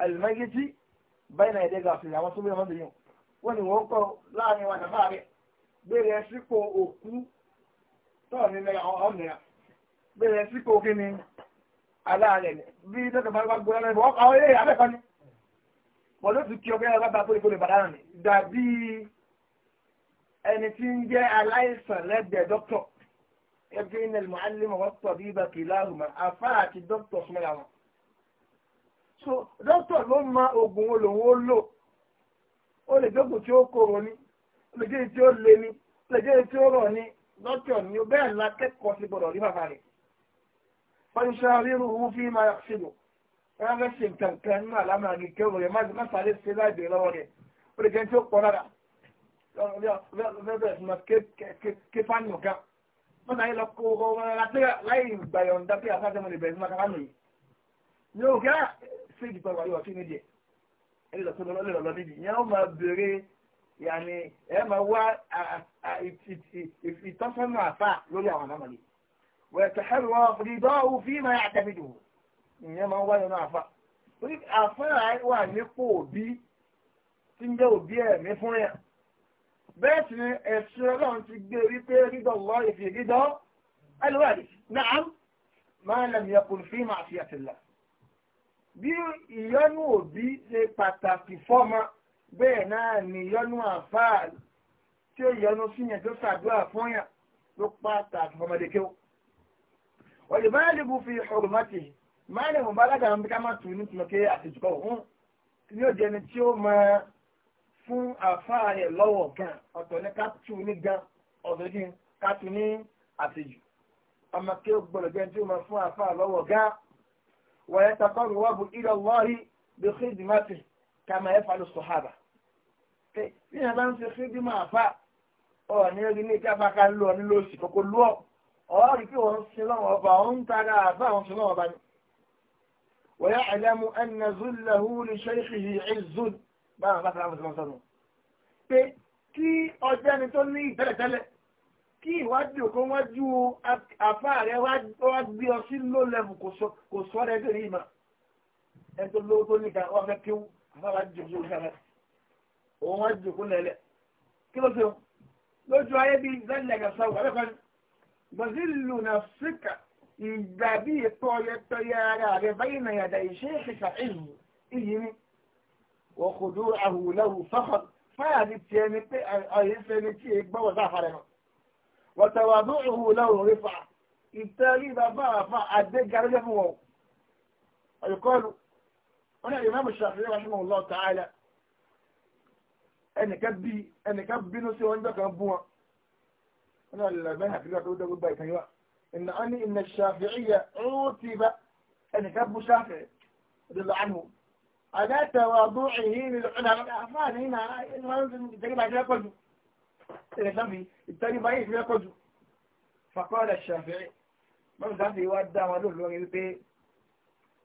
الميت بين يدي غافل àwọn tó bẹ̀rẹ̀ mọ́tò yìí wọ́n ni wọ́n kọ́ láàrin wa nàbà rẹ̀ bẹ̀rẹ̀ sípò òkú tọ́ọ̀ nílẹ̀ ọ̀nìyàn bẹ̀rẹ̀ sípò kí ni aláàrẹ̀ bí dọ́tà bá gbọ́ ẹ̀rọ ìwọ́n àwọn eré abẹ́kọ́ ni pọ̀lọ́tù kí ọgbẹ́ ẹ̀rọ bá gbé ìkọlẹ̀ bàdánù ni dàbí ẹni tí ń jẹ́ aláìsàn lẹ́gbẹ̀ẹ́ dọ́kítọ̀ ẹbí ní al-mu'allim wa at-tabib kilahuma àfá àti dọ́kítọ̀ súnmọ́ra wọn. so dọ́kítọ̀ ló mọ oògùn wo lòun ó lò ó lè dókòó tí ó kóró ní ó lè jẹ́ tí ó le ní ó lè jẹ́ tí ó rọ̀ ní dọ́kítọ̀ ni bẹ́ẹ̀ la kẹ́kọ̀ọ́ sí gbọ́dọ̀ rí bàbá rẹ̀. fọyíṣẹ́ ríru òun fi máa ṣèlò wọ́n fẹ́ ṣe nǹkan kan nínú àlámà bẹ́ẹ̀ fún ma ké fánù kan wọ́n náà yẹ lọ kó kó wọn láti láì gbàyọ̀ǹda pé àfáàsẹ́ mo lè bẹ̀rẹ̀ fún ma ká fánù yìí ní òkè á sí ìdìbò ìwà yóò kí ní díẹ̀ ẹ lọ sọ́dọ̀ lọ́lẹ̀ lọ́lọ́ níbi ìyẹn wọ́n máa bèrè yàní ẹ máa wá ìtọ́sọ́nù àfà lórí àwọn àmàlẹ́ wẹ̀ tẹ̀hẹ́rù wọn rìbá òfin máa yà tẹ́bi dùn ìyẹn máa wá yọ̀nà àfà torí ń jẹ́ òbí ẹ̀mí fún yàn bẹ́ẹ̀ sì ni ẹ̀sìn ọlọ́run ti gbé e wípé rídọ̀ lọ ìfi rídọ̀ alùwàdì náà máa lẹ́nu yẹkùn fí máa fi àtìlá. bí ìyọnu òbí ṣe pàtàkì fọ́mọ bẹ́ẹ̀ náà ni ìyọnu àfáà tí ó yọnu síyàn tó ṣàdúrà fún yàn ló pàtàkì fọmọdé kéwò. ọ̀lẹ́bàálẹ̀bù fi hurmati máa lẹ́nu bá alága àwọn bí ká má tù ní tùmọ̀kẹ́ àtìjùkọ̀ òun ni ó tí ó máa fún àfáà rẹ̀ lọ́wọ́ gan ọ̀tọ̀ ní ká tu ní gan ọ̀tọ̀ ní ká tu ní àṣejù ọmọ kí ó gbọ́dọ̀ jẹ́ tí ó máa fún àfáà lọ́wọ́ gan wọ́n yẹn takọ́ rẹ̀ wọ́n bu ilẹ̀ wọ́ọ̀rí bí xidimati kàmá ẹ̀fà ló sọ hábà bí yàrá ń fi xidima àfà ọ̀ ní orí ní ìjábá ká lọ ní lóṣì kókó lọ́ ọ̀ rí pé wọ́n sin lọ́wọ́ ọba òun tara àfà òun sin lọ́wọ́ ọba ni. wọ́n yẹ báwọn bá sàlámù sọ̀rọ̀ sọ̀rọ̀ pé kí ọjọ́ ẹni tó ní ìtẹ́lẹ̀tẹ́lẹ̀ kí ìwádìí òkú wájú afá rẹ̀ wá gbé ọ sí ló lẹ́mù kò sọ rẹ̀ dé yìí mà ẹni tó lówó tó níta wọ́n fẹ́ kíw afá wá jù sí òṣèré òun wá jù kún lẹ́lẹ̀ kí ló ṣeun lójú ayé bíi lẹ́lẹ̀ gàṣà wà lẹ́kọ̀ọ́ gbọ̀nsílù nà síkà ìgbà bíi tọ́yẹtọ́yẹ ara rẹ̀ báyìí nà yàdà ìṣe ìṣàfihàn وخضوعه له فقط فهذه التيمت أي التيمت يكبر وزحرنا وتواضعه له رفع التالي ذا فا فا أدك على جفوه ويقول هنا الإمام الشافعي رحمه الله تعالى أنا كبي أنا كبي نسي وندك ربوه أنا المنهج في أقول ده بيت أيوة إن أني إن الشافعية عوتب أن كب شافعي رضي الله عنه على تواضعه للعلماء الأحفاد هنا الترب عشان يقولوا الثاني الثاني بعيش يقولوا فقال الشافعي ما ذا يودع ولول ويبي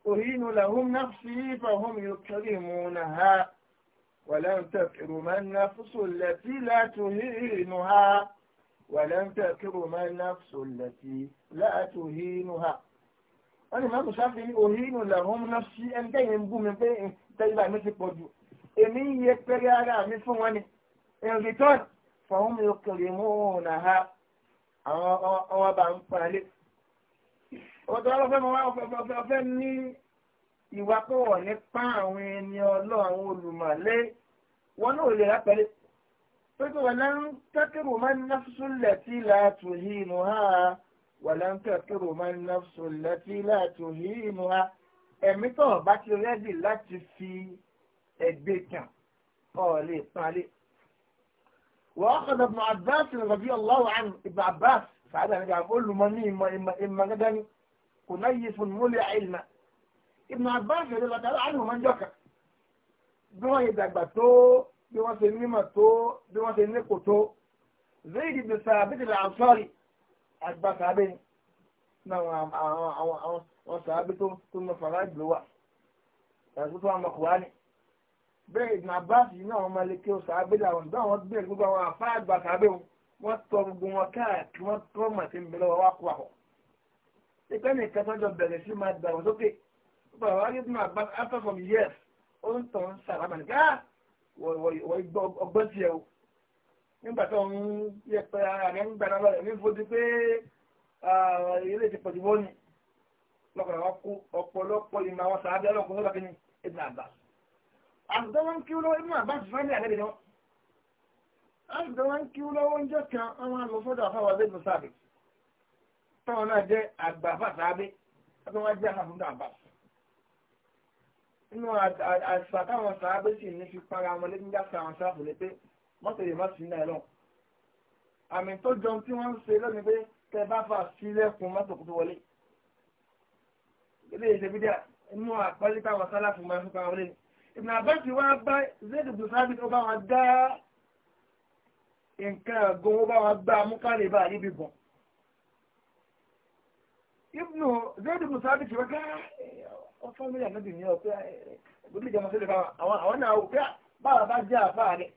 أهين لهم نفسي فهم يكرمونها ولم تكرم النفس التي لا تهينها ولم تكرم النفس التي لا تهينها wọ́n ní mọ́tò sáfì òhìn inú làwọn ń lọ sí ẹnikẹ́yìn ń bú mi pé eh, tẹ́lifà mi ti pọ̀ jù èmi ń yẹ pẹ́rẹ́ ara mi fún wọn ni in return fọ̀hún mi kiri mú òun nà ha àwọn ọmọ bá ń palẹ̀. ọ̀dọ́ ọlọ́fẹ́ mo wá ọ̀fẹ́ ní ìwà pé wọ́n ní pa àwọn ẹni ọlọ́ àwọn olùmọ̀lé wọn náà lè rápẹ́lẹ́. pé kí wọ́n náà ń tẹ́kẹ̀rù máa ń náfúsúlẹ̀ tí ìlà tòhìn nù ha. ولم تكرم النفس التي لا تهينها ẹ̀mí tó o bá ti rẹ́dì láti fi ẹgbẹ́ kan ọ̀ lè parí. وأخذ ابن عباس رضي الله عنه ابن عباس سعادة نبي عم قول له مني إما إما إما جدني كنيف مولع علما ابن عباس رضي الله تعالى عنه من جكا bí wọ́n ṣe dàgbà tó bí wọ́n ṣe nímọ̀ tó bí wọ́n ṣe nípò tó Zayd ibn Thabit al àgbà sàábé ní àwọn sàábé tó mọ fàrájì ló wà tàbí tó àmọ kùwá ni bẹ́ẹ̀ ìdùnnà báàsì yìí náà wọ́n máa lè kí o sàábé làwọn ìgbà wọn bẹ̀rẹ̀ gbogbo àwọn àfá àgbà sàábé wọn wọ́n tọ gbogbo wọn káàkiri wọ́n tọ́ màtí ń bẹ̀rẹ̀ wọ́n wá kó àwọ̀ ìpẹ́ ní ìkẹtọ́jọ bẹ̀rẹ̀ sí máa dà wọ́n sókè bàbá rí nígbà tó ń yẹpẹ ara rẹ̀ ń gbàdá lọ́rẹ̀ ní fojú pé ilé ti pọ̀jù bọ́ ni lọ́kọ̀ọ́ wọn kó ọ̀pọ̀lọpọ̀ ìmọ̀ àwọn sàábẹ́ ọlọ́kùnrin lọ́kọ̀ ní ibùdó àgbà. àtúntò wọn ń kí wọn lọ́wọ́ ibùdó àgbà ti fẹ́ ní àlẹ́ bìí wọn. àtúntò wọn ń kí wọn lọ́wọ́ oúnjẹ kan àwọn àlùfọ́dọ̀ àfáwà bẹ́ẹ̀ ló sáàbẹ̀. táwọn náà jẹ́ àgbà fàtàbẹ́ àtúntò wọn jẹ́ àfúndà àgbà mọ́tẹ̀lẹ̀ má sí náà lọ́n àmì tó jọ tí wọ́n ń ṣe lónìí pé tẹ bá fà sílẹ̀kùn mọ́tò kó tó wọlé ilé ìṣe bídíà inú àpẹẹrẹ táwọn sálàfù máa ń fún káwọn lé ìbùnà àbẹ́sì wá bá zéèdì tó sábì ó bá wọn dá nǹkan àgọ́ ó bá wọn gbá amúkàlè bá níbi bọ̀ ibùnà zéèdì sábì ti wá ká ọfọ mílíọ̀nù bì ní ọ pé gbogbo ìjọba àwọn náà wò pé báwa bá jẹ́ àfáà rẹ̀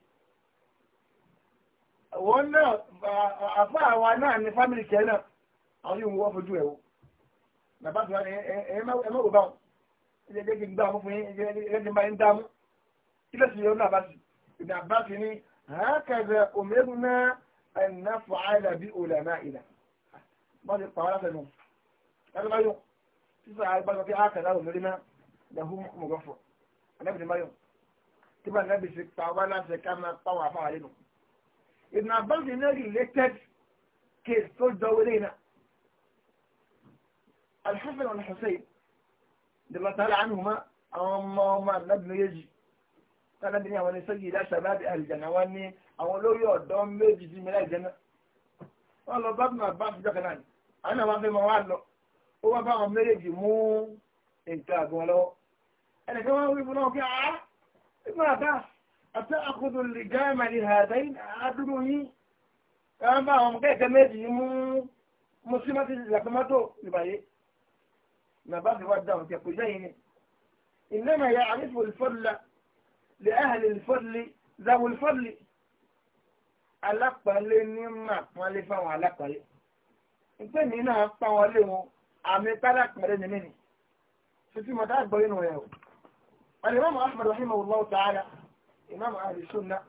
òun náà àfá àwa náà ní fámìlì kẹ́ náà àwọn yóò wọ́n fojú ẹ̀ wò bàbá tó ẹ má wò bá wọn ẹ jẹ́ kí n gbá fún yín ẹ jẹ́ kí n bá yín dá mú ilé sì yóò náà bá sì ìdá bá sì ní àákàdà òmìnirun náà ẹ̀nà fún àìlà bí òòlà náà ìlà wọ́n ti pàwọ́ látẹnu ẹ̀rọ bá yọ sísà àgbàgbà pé àákàdà òmìnirun náà lẹ́hùn mọ̀gọ́fọ̀ ẹ̀nà bìtì tí bá ń ابن عباس النادي اللي اكتب كيف فرد دولينا الحسن والحسين لما تعالى عنهما اللهم نبن يجي قال ابني هو نسجي لا شباب اهل الجنة واني اقول له يو دوم يجي زي ملاي الجنة والله ضبنا عباس دخل عني انا واقف ما وعد له هو بقى عمري يجي مو انتاج ولو انا كمان اقول له كيف ابن عباس أتأخذ اللجام لهذين أدروني أما هم كيف ميدي مسلمة لكمته نباية نبات ودهم تقولين إنما يعرف الفضل لأهل الفضل ذو الفضل alápàálé ní mà wọn lé fáwọn alápàálé ìpè mí náà pa wọn lé wọn àmì pálápàálé ní mí ni títí mo dá gbọ́ inú rẹ̀ o. alimami ahmed rahimahullah ta'ala. إمام أهل السنة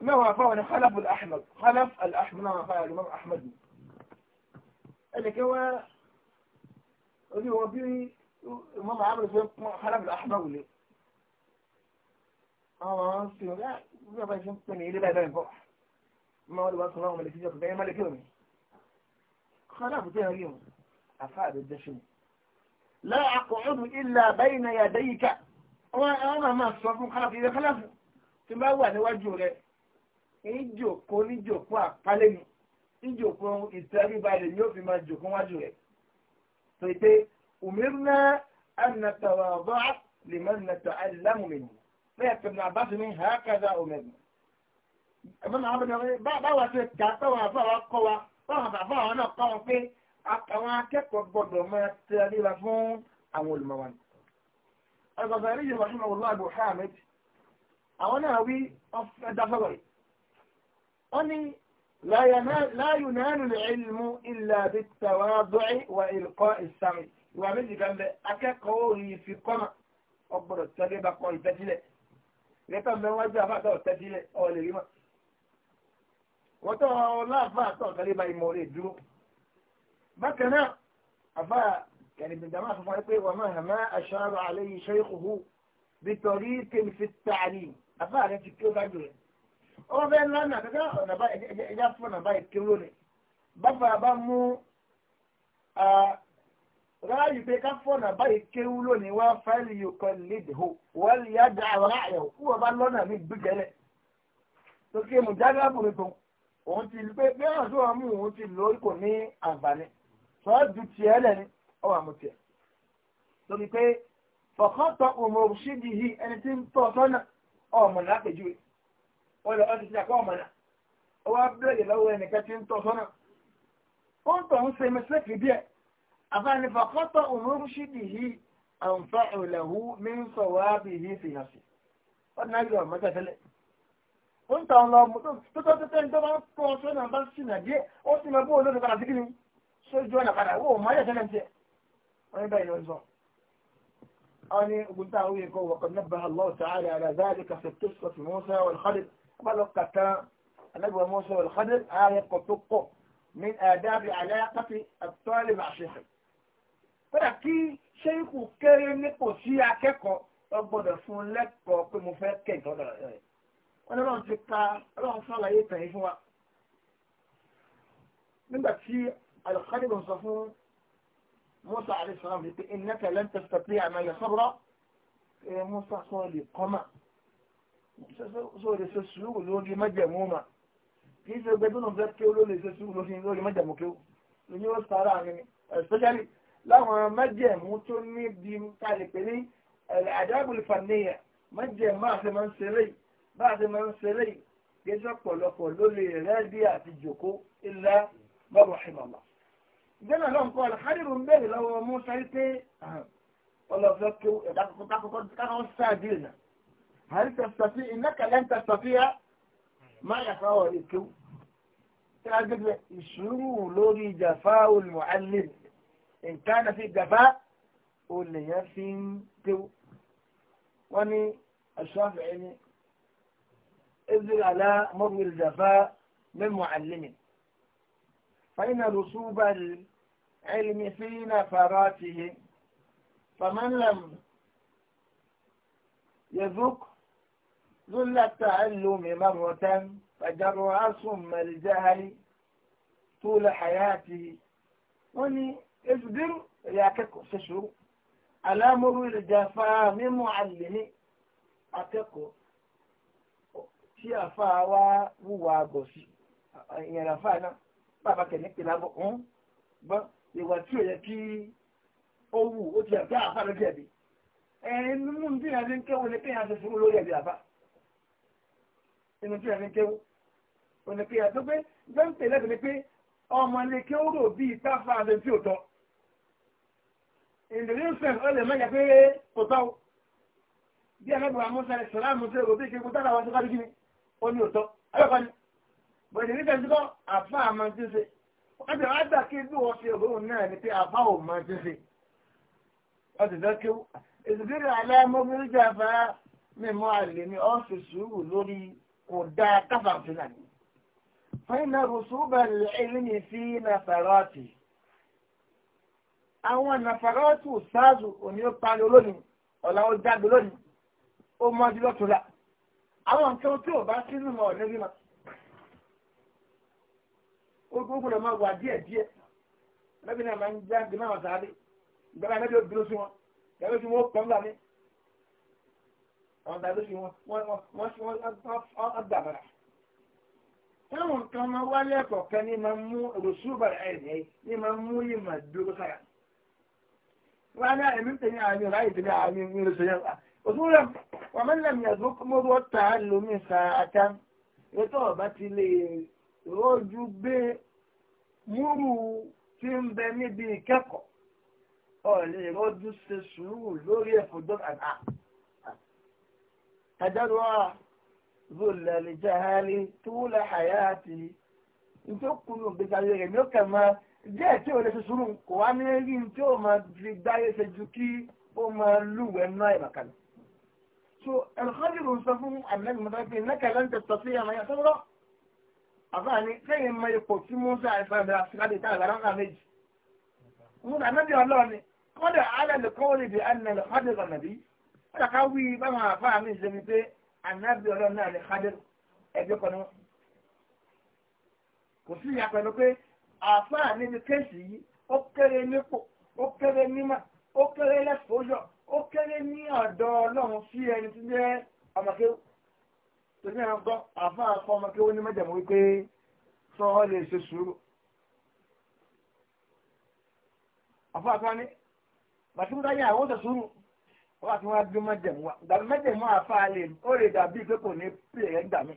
ما وافقنا خلف الأحمد خلف الأحمد ما وافق الإمام أحمد اللي هو اللي هو بي إمام عمر بن خلف الأحمد ولي آه سيدنا ما بيجي تاني اللي بعده يبقى ما هو الوقت اللي هو ملك يجوا كده ملك يومي خلاف ده اليوم أفعل الدشمي لا أقعد إلا بين يديك wọ́n máa máa sọ fún kálàfù ìrẹ́ kálàfù tí bá wà níwájú rẹ̀ ìjòkó níjòkó àpálẹ́ ni ìjòkó ìtẹ́ríbalẹ̀ ni ó fi máa jòkó wájú rẹ̀ pé pé òmìnira ànàtàwà ọ̀bọ̀ lè má nàtà àìlámùmìnì bẹ́ẹ̀ tẹ̀lé àbáṣe ní hàákàdà òmìnira. ẹ̀fọ́n náà wọ́n bẹ̀rẹ̀ báwa ṣe kà á tọ́wọ́ àfáwà kọ́ Al-Ghazali yìí rahimahullah Abu Hamid àwọn náà wí ẹ̀dáfẹ́wẹ̀ wọ́n ní la yunalu al-ilmu illa bit-tawadu'i wa ilqa'i as-sam'i ìwà méjì kan bẹ akẹ́kọ̀ọ́ orí ìfi kọ́mà ọgbọ́dọ̀ tẹ́lẹ̀ bá kọ́ ìtẹ́sílẹ̀ lẹ́tọ̀ mẹ́ wájú àfáàtọ̀ tẹ́sílẹ̀ ọ̀lẹ̀ rí mọ́ wọ́n tọ́ láàfáàtọ̀ tẹ́lẹ̀ bá ìmọ̀ rẹ̀ dúró bákan náà àfáà يعني ابن جماعة فمعيقه ومهما أشار عليه شيخه بطريق في التعليم أفعل أنت كيف أجل أو بين لنا كذا أنا با إذا فنا با يكلوني بابا بامو ráàyù pé ká fọ̀nà báyìí kéwú lónìí wá fáìlì yòókọ lédèhó wọ́n lè yájà àwọn àyẹ̀wò kú ọba lọ́nà mi gbígbẹ́lẹ̀. lókè mùjáde àbúrò tó òun ti pé bí àwọn tó wà mú òun ti lórí kò ní àǹfààní sọ́ọ́ ju tiẹ̀ lẹ́ni ọwọ́ àmúti ẹ̀ lórí pé fọ̀kọ́tọ̀ òmòrò ṣídìí yìí ẹni tí ń tọ́ sọ́nà ọmọ náà pèjúwe wọ́n lọ ọdún sí àkọ́ ọmọ náà ó wá bẹ̀rẹ̀ lọ́wọ́ ẹnìkan tí ń tọ́ sọ́nà ó ń tọ̀ ń ṣe mẹ́sẹ̀kì díẹ̀ àfààní fọ̀kọ́tọ̀ òmòrò ṣídìí yìí àǹfà ìlẹ̀hú mi ń sọ wá bí yìí fi hàn sí ọdún náà yọ ọmọ tẹ̀tẹ̀lẹ̀ ó ń tàn lọ tó tó tẹ́tẹ́ ń tọ́ sọ́nà bá sì nà ó sì mọ bó olóòtú ويبين الزهر أنا قلت أعويك وقد نبه الله تعالى على ذلك في التسقة في موسى والخدر بلقى كان نبه موسى والخدر آية قطق من آداب علاقة الطالب مع شيخه فلكي شيخ كريم نقو شيع كيكو أبدا فون لك كمفاكين وانا روح جكا روح صلى يتهي شوى من بعد شيء الخدر وصفون Musa alayhi salam ní pé innaka lan tastati'a ma'iya sabra ẹ Musa sọ lè kọ́mà sọ lè ṣe sùúrù lórí májẹ̀mú mà kì í ṣe gbẹdúnà fẹ́ kí ó ló lè ṣe sùúrù lórí májẹ̀mú kí ó ní ó sára ni especially láwọn májẹ̀mú tó ní bí kálípẹ̀ ní àdáàbòlì fàníyà májẹ̀mú àti máa ń ṣeré bá a ti máa ń ṣeré gẹ́gẹ́ pọ̀lọpọ̀ ló lè rẹ́ bí àti jòkó ilá bàbá ìmọ̀lá. jẹ́nà náà ń kọ́ ọ̀la kádìrú ń bẹ̀rẹ̀ lọ́wọ́ Musa yìí pé ọlọ́fẹ́ kí ẹ̀dá kọ́kọ́ kákọ́kọ́ káwọn sáàdì ìnà àrí tẹ̀sítọ́fì ìnákàlẹ́ ń tẹ̀sítọ́fì yá máa yà fáwọ̀ rẹ̀ kéwù. tí a gbẹ̀gbẹ̀ ìṣòro lórí jàfá olùmọ̀álẹ̀ nǹkan àfi jàfá olèyàn fi ń kéwù. wọ́n ní aṣọ́fẹ̀ ẹni ezra alá mọ́bìlì jàfá mẹ́mọ̀álẹ̀ mi. فإن رسوب علم في نفراته فمن لم يذق ذل التعلم مرة فجرع ثم الجهل طول حياته وني اصبر ياكك سشو على مر الجفاء من معلمي akẹ́kọ̀ọ́ tí àfa wa wúwa àgọ̀ sí ìyẹn àfa náà bàbá kẹ̀ ní ń gbọ́n ìwà tí ò yẹ kí ó wù ó ti àbí àbá lójú ẹ̀bí ẹ̀rin nínú tí ìyá fi ń kéwò ní kéèyàn ti fún lórí ẹ̀bí àbá inú tí ìyá fi ń kéwò ò ní kéèyàn tó pé gbẹ́ǹtẹ̀ lẹ́bi ni pé ọmọ ilé kéwò rò bí ipá fa àbẹ tí ò tọ́ ìdílé ń sẹ́ǹ ọlẹ̀ mẹ́jẹ pé kò tọ́ bí ẹ̀mẹ́gbẹ̀ wa mọ́sá ẹ̀ sọ̀rọ̀ àmọ́ sí ẹ̀rọ bí tára wa tó ká wọ́n ti wá gbà kí bí wọ́n fi òun náà ni pé àbá ò mọ títí wọ́n ti lọ kí ìdílé aláàmọ́bìnrin jàmbá mímú àlè ni ọ́ sì sùúrù lórí kò dáa káfàǹfì náà ni. fẹ́ẹ́nà rùsùbà ìlú fi nàfàrọ́ọ̀tì àwọn nàfàrọ́ọ̀tì sáàzù òní ó parí olónìí ọ̀la ó jáde lónìí ó mọ́ ọdún lọ́tún la àwọn tí ò bá sínú mọ́ ọ̀nẹ́rìmọ́ ogun náà máa wà díẹ̀ díẹ̀ anábì náà máa ń já dèmọ́ àwọn sáré ìgbàlá anábì o dúró sí wọn ìgbàlá sí wọn o pọ̀ ńlá ní àwọn sáré sí wọn wọ́n wọ́n dàbàrà. táwọn nǹkan máa wálé ẹ̀kọ́ kan ní máa mú rùsùbà ẹ̀rẹ̀ ní máa mú ìmọ̀ dúró sára. wọ́n á ní ẹ̀mí tẹ̀lé àmì ọ̀rá ìtẹ̀lé àmì ìrìnsẹ̀yẹ̀ òtúnrẹ̀ wọ́n mẹ́lẹ̀ mi ẹ̀dùn mọ́rú ọ̀tá lómi sàátá ètò ọ̀bá ti lè rọ́jú gbé múrù tí ń bẹ níbi ìkẹ́kọ̀ọ́ ọ̀lẹ́ rọ́jú ṣe sùúrù lórí ẹ̀fọ́jọ́ àdá tajarwa zola lè jẹ́ hali tó wúlẹ̀ àyà àti ìjókòó ìgbésí ayé rẹ̀ ní ó kẹ̀ máa díẹ̀ tí ò lè ṣe sùúrù kò wá ní rí tí ó máa fi gbáyé ṣe ju kí ó máa lúwẹ̀ náà ìmàkàlẹ̀. so ẹ̀rọ kan jùlọ sọ fún àmì ẹ̀gbọ́n tó ní kẹlẹ́ ń tẹ̀sọ̀ sí àmì ẹ̀gbọ́n àbá ni sẹ́yìn mọ ipò tí Musa ìfẹ́bẹ̀rẹ̀ àfikàdé tá àgbàrá ńlá méjì Musa nábì ọlọ́ọ̀ni kọ́dà alẹ́lẹ̀ kọ́wọ́lì bí anẹ́lẹ̀ kádẹ́rọ̀ nàbí kọ́dà ká wí báwọn àbá mi ṣe mi pé anábì ọlọ́ọ̀ni náà lè kádẹ́rọ̀ ẹgbẹ́ kan náà kò sí ìyá pẹ̀lú pé àbá níbi kéèsì yìí ó kéré nípò ó kéré nímà ó kéré lẹ́sọ̀ọ́yọ̀ ó kéré ní ọ̀dọ̀ ọlọ́run sí ẹni tí jẹ́ torí àwọn gbọ́ àfa àfọ ọmọ kí wọ́n ní mẹ́jọ̀mọ́ wípé sọ ọ́ lè ṣe sùúrù. àfa àfọ ni bàtí wọ́n dáyà àwọn sọ̀sùrù wọ́n àti wọ́n á gbé wa dàbí mẹ́jọ̀mọ́ àfa lè ó lè dàbí pé kò ní pè é gbà mí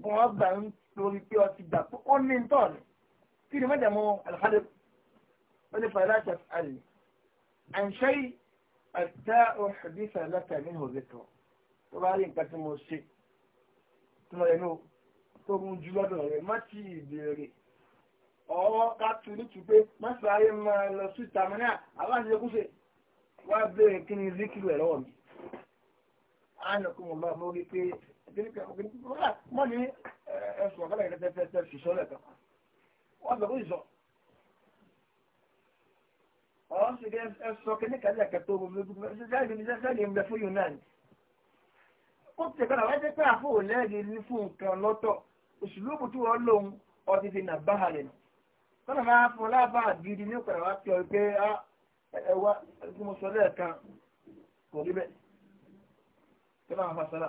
bí gbà ń torí pé ọtí gbà pé ó ní tọ́ ni kí ni mẹ́jọ̀mọ́ alhadé ó ní fàyà láti àlè àǹṣẹ́yì àtẹ́ òṣèlú ìfẹ́ lẹ́tà ní fún rẹ̀ náà tó mú jù lọ́dọ̀ rẹ̀ má ti ìbéèrè ọwọ́ ká tu nítú pé má sáré máa lọ sí tamina aláṣẹ kúṣe wá béèrè kí ni zikiru ẹ̀ lọ́wọ́ mi. a nà kó mo bá mo rí pé mọ́ ní ẹ̀sùn ọ̀gá lẹ́yìn tẹ́tẹ́tẹ́ ṣùṣọ́ lẹ́tọ̀ wọ́n sọ fún ìṣọ́ ọ̀rọ̀ sì ẹ sọ kí ní kàdé àkàtọ́ omi lójú jáde ń bẹ fún yunani. kó tẹ̀ padà wáyé pé àfọ ò lẹ́ẹ̀rí ní fún nǹkan lọ́tọ̀ lòun ọtí fi nù máa fún un lábá ní pé ọ ah, ẹ wá tí mo sọ lẹ́ẹ̀kan kò rí bẹ́ẹ̀ tí wọ́n máa fa sọ́lá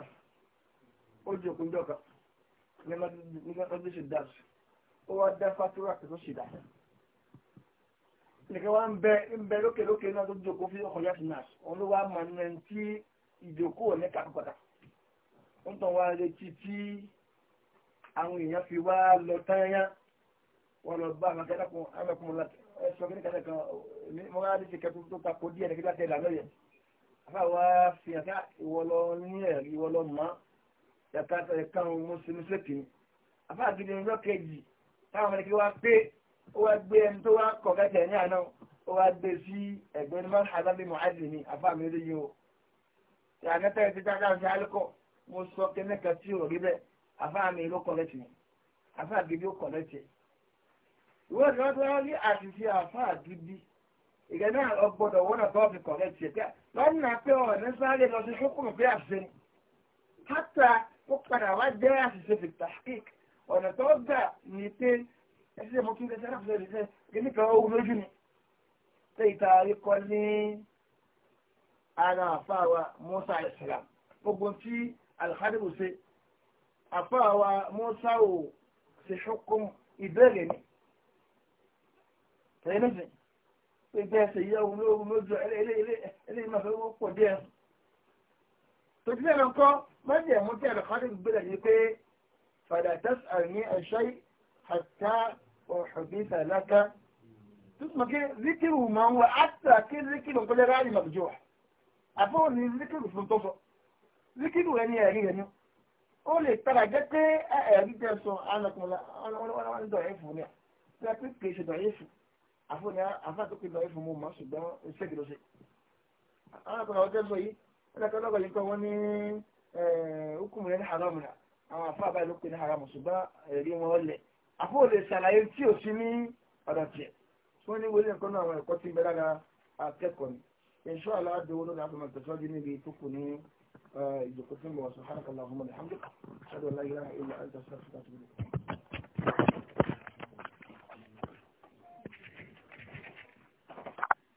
ó jẹ́ òkú ìjọ ní ọdún ṣe dá ó wá dá fátúrà tó ṣe dá nìkan wá ń bẹ ń bẹ lókè lókè náà tó fi ọkọ̀ yá ń tàn wá retí tí àwọn èèyàn fi wá lọ tányá wọ́n lọ bá àwọn akẹ́kọ̀ọ́ amẹ́kùnrin láti ẹ̀sọ́ kí ní kẹ́kẹ́ kan mo rárá létí wa fi hàn ká ah, ìwọ lọ ní ẹ̀rí ìwọ lọ mọ́ ẹ̀ka ẹ̀ka ohun mọ́sílẹ̀ kìíní àfa àgbègbè ọjọ́ kejì táwọn ọmọdé kí wá pé ó wá gbé ẹni tó wá kọ̀ kẹ́kẹ́ ní àná ó wá gbé sí ẹ̀gbẹ́ ní mọ́sálásí mọ́ mo sọ kẹ́mẹ́kà tí ò rí bẹ́ẹ̀ àfáà mi ló kọ̀rẹ́tì mi àfáà gidi ó kọ̀rẹ́tì ìwé ìdíwọ́n tó wá rí àṣìṣe àfáà gidi ìgbẹ́ náà ọgbọ́dọ̀ wọ́n náà tọ́ọ̀fì kọ̀rẹ́tì ẹ̀ lọ́nà pé ọ̀ ní sáré lọ sí ṣókùnrin pé àṣìṣe ni hátà ó padà wá jẹ́ àṣìṣe fi tahqiq ọ̀nà tó gbà ní pé ẹ̀ṣẹ̀ mo tún lè ṣe aláfẹ́ rẹ̀ ṣe kíní kan ó lójú ni pé ìta ikọ̀ ní ara àfáà wa Musa Islam gbogbo tí alhadimu ṣe àfáàwà musa ò ṣe ṣokùn ìbéèrè ni tẹ̀yìn nísìn pé bẹ́ẹ̀ ṣe yẹ ohun lóhun lójú eléyìí máa fẹ́ wọ́n pọ̀ díẹ̀ tòjú náà kọ́ májèmú tí alhadimu gbélé ni pé fàdà tẹ́sán ní ẹ̀ṣọ́ hatta وحديث لك تسمى كده ذكر وما هو حتى كده ذكر وكل راعي مبجوح أفهم إن الذكر في الطفل zikiru rẹ ní ẹ̀rí rẹ ní ó lè padà jẹ́ pé ẹ̀rí jẹ́ sọ anàkùnrin ọlọ́wọ́n dọ̀ ẹ̀fọ́ ni à pé kì í ṣe dọ̀ ẹ̀fọ́ àfọ̀nì àfàtúkì dọ̀ ẹ̀fọ́ mo mọ̀ ṣùgbọ́n iṣẹ́ kìlọ̀ ṣe anàkùnrin ọjọ́ sọ yìí ẹnìkan lọ́gọ̀ yìí pé wọ́n ní hukumu rẹ ní haramu rẹ àwọn àfọ àbáyé ló pe ní haramu ṣùgbọ́n ẹ̀rí wọn lẹ̀ àfọ̀ lè ṣàlàyé tí ò sí ní ọ̀dọ̀ tiẹ̀ wọ́n ní wọlé nǹkan náà àwọn ẹ̀kọ́ tí ń bẹ lára akẹ́kọ̀ọ́ ni ìṣọ́ àlá آه، يقدم وسبحانك اللهم بحمدك أشهد أن لا إله إلا أنت أستغفرك وأتوب إليك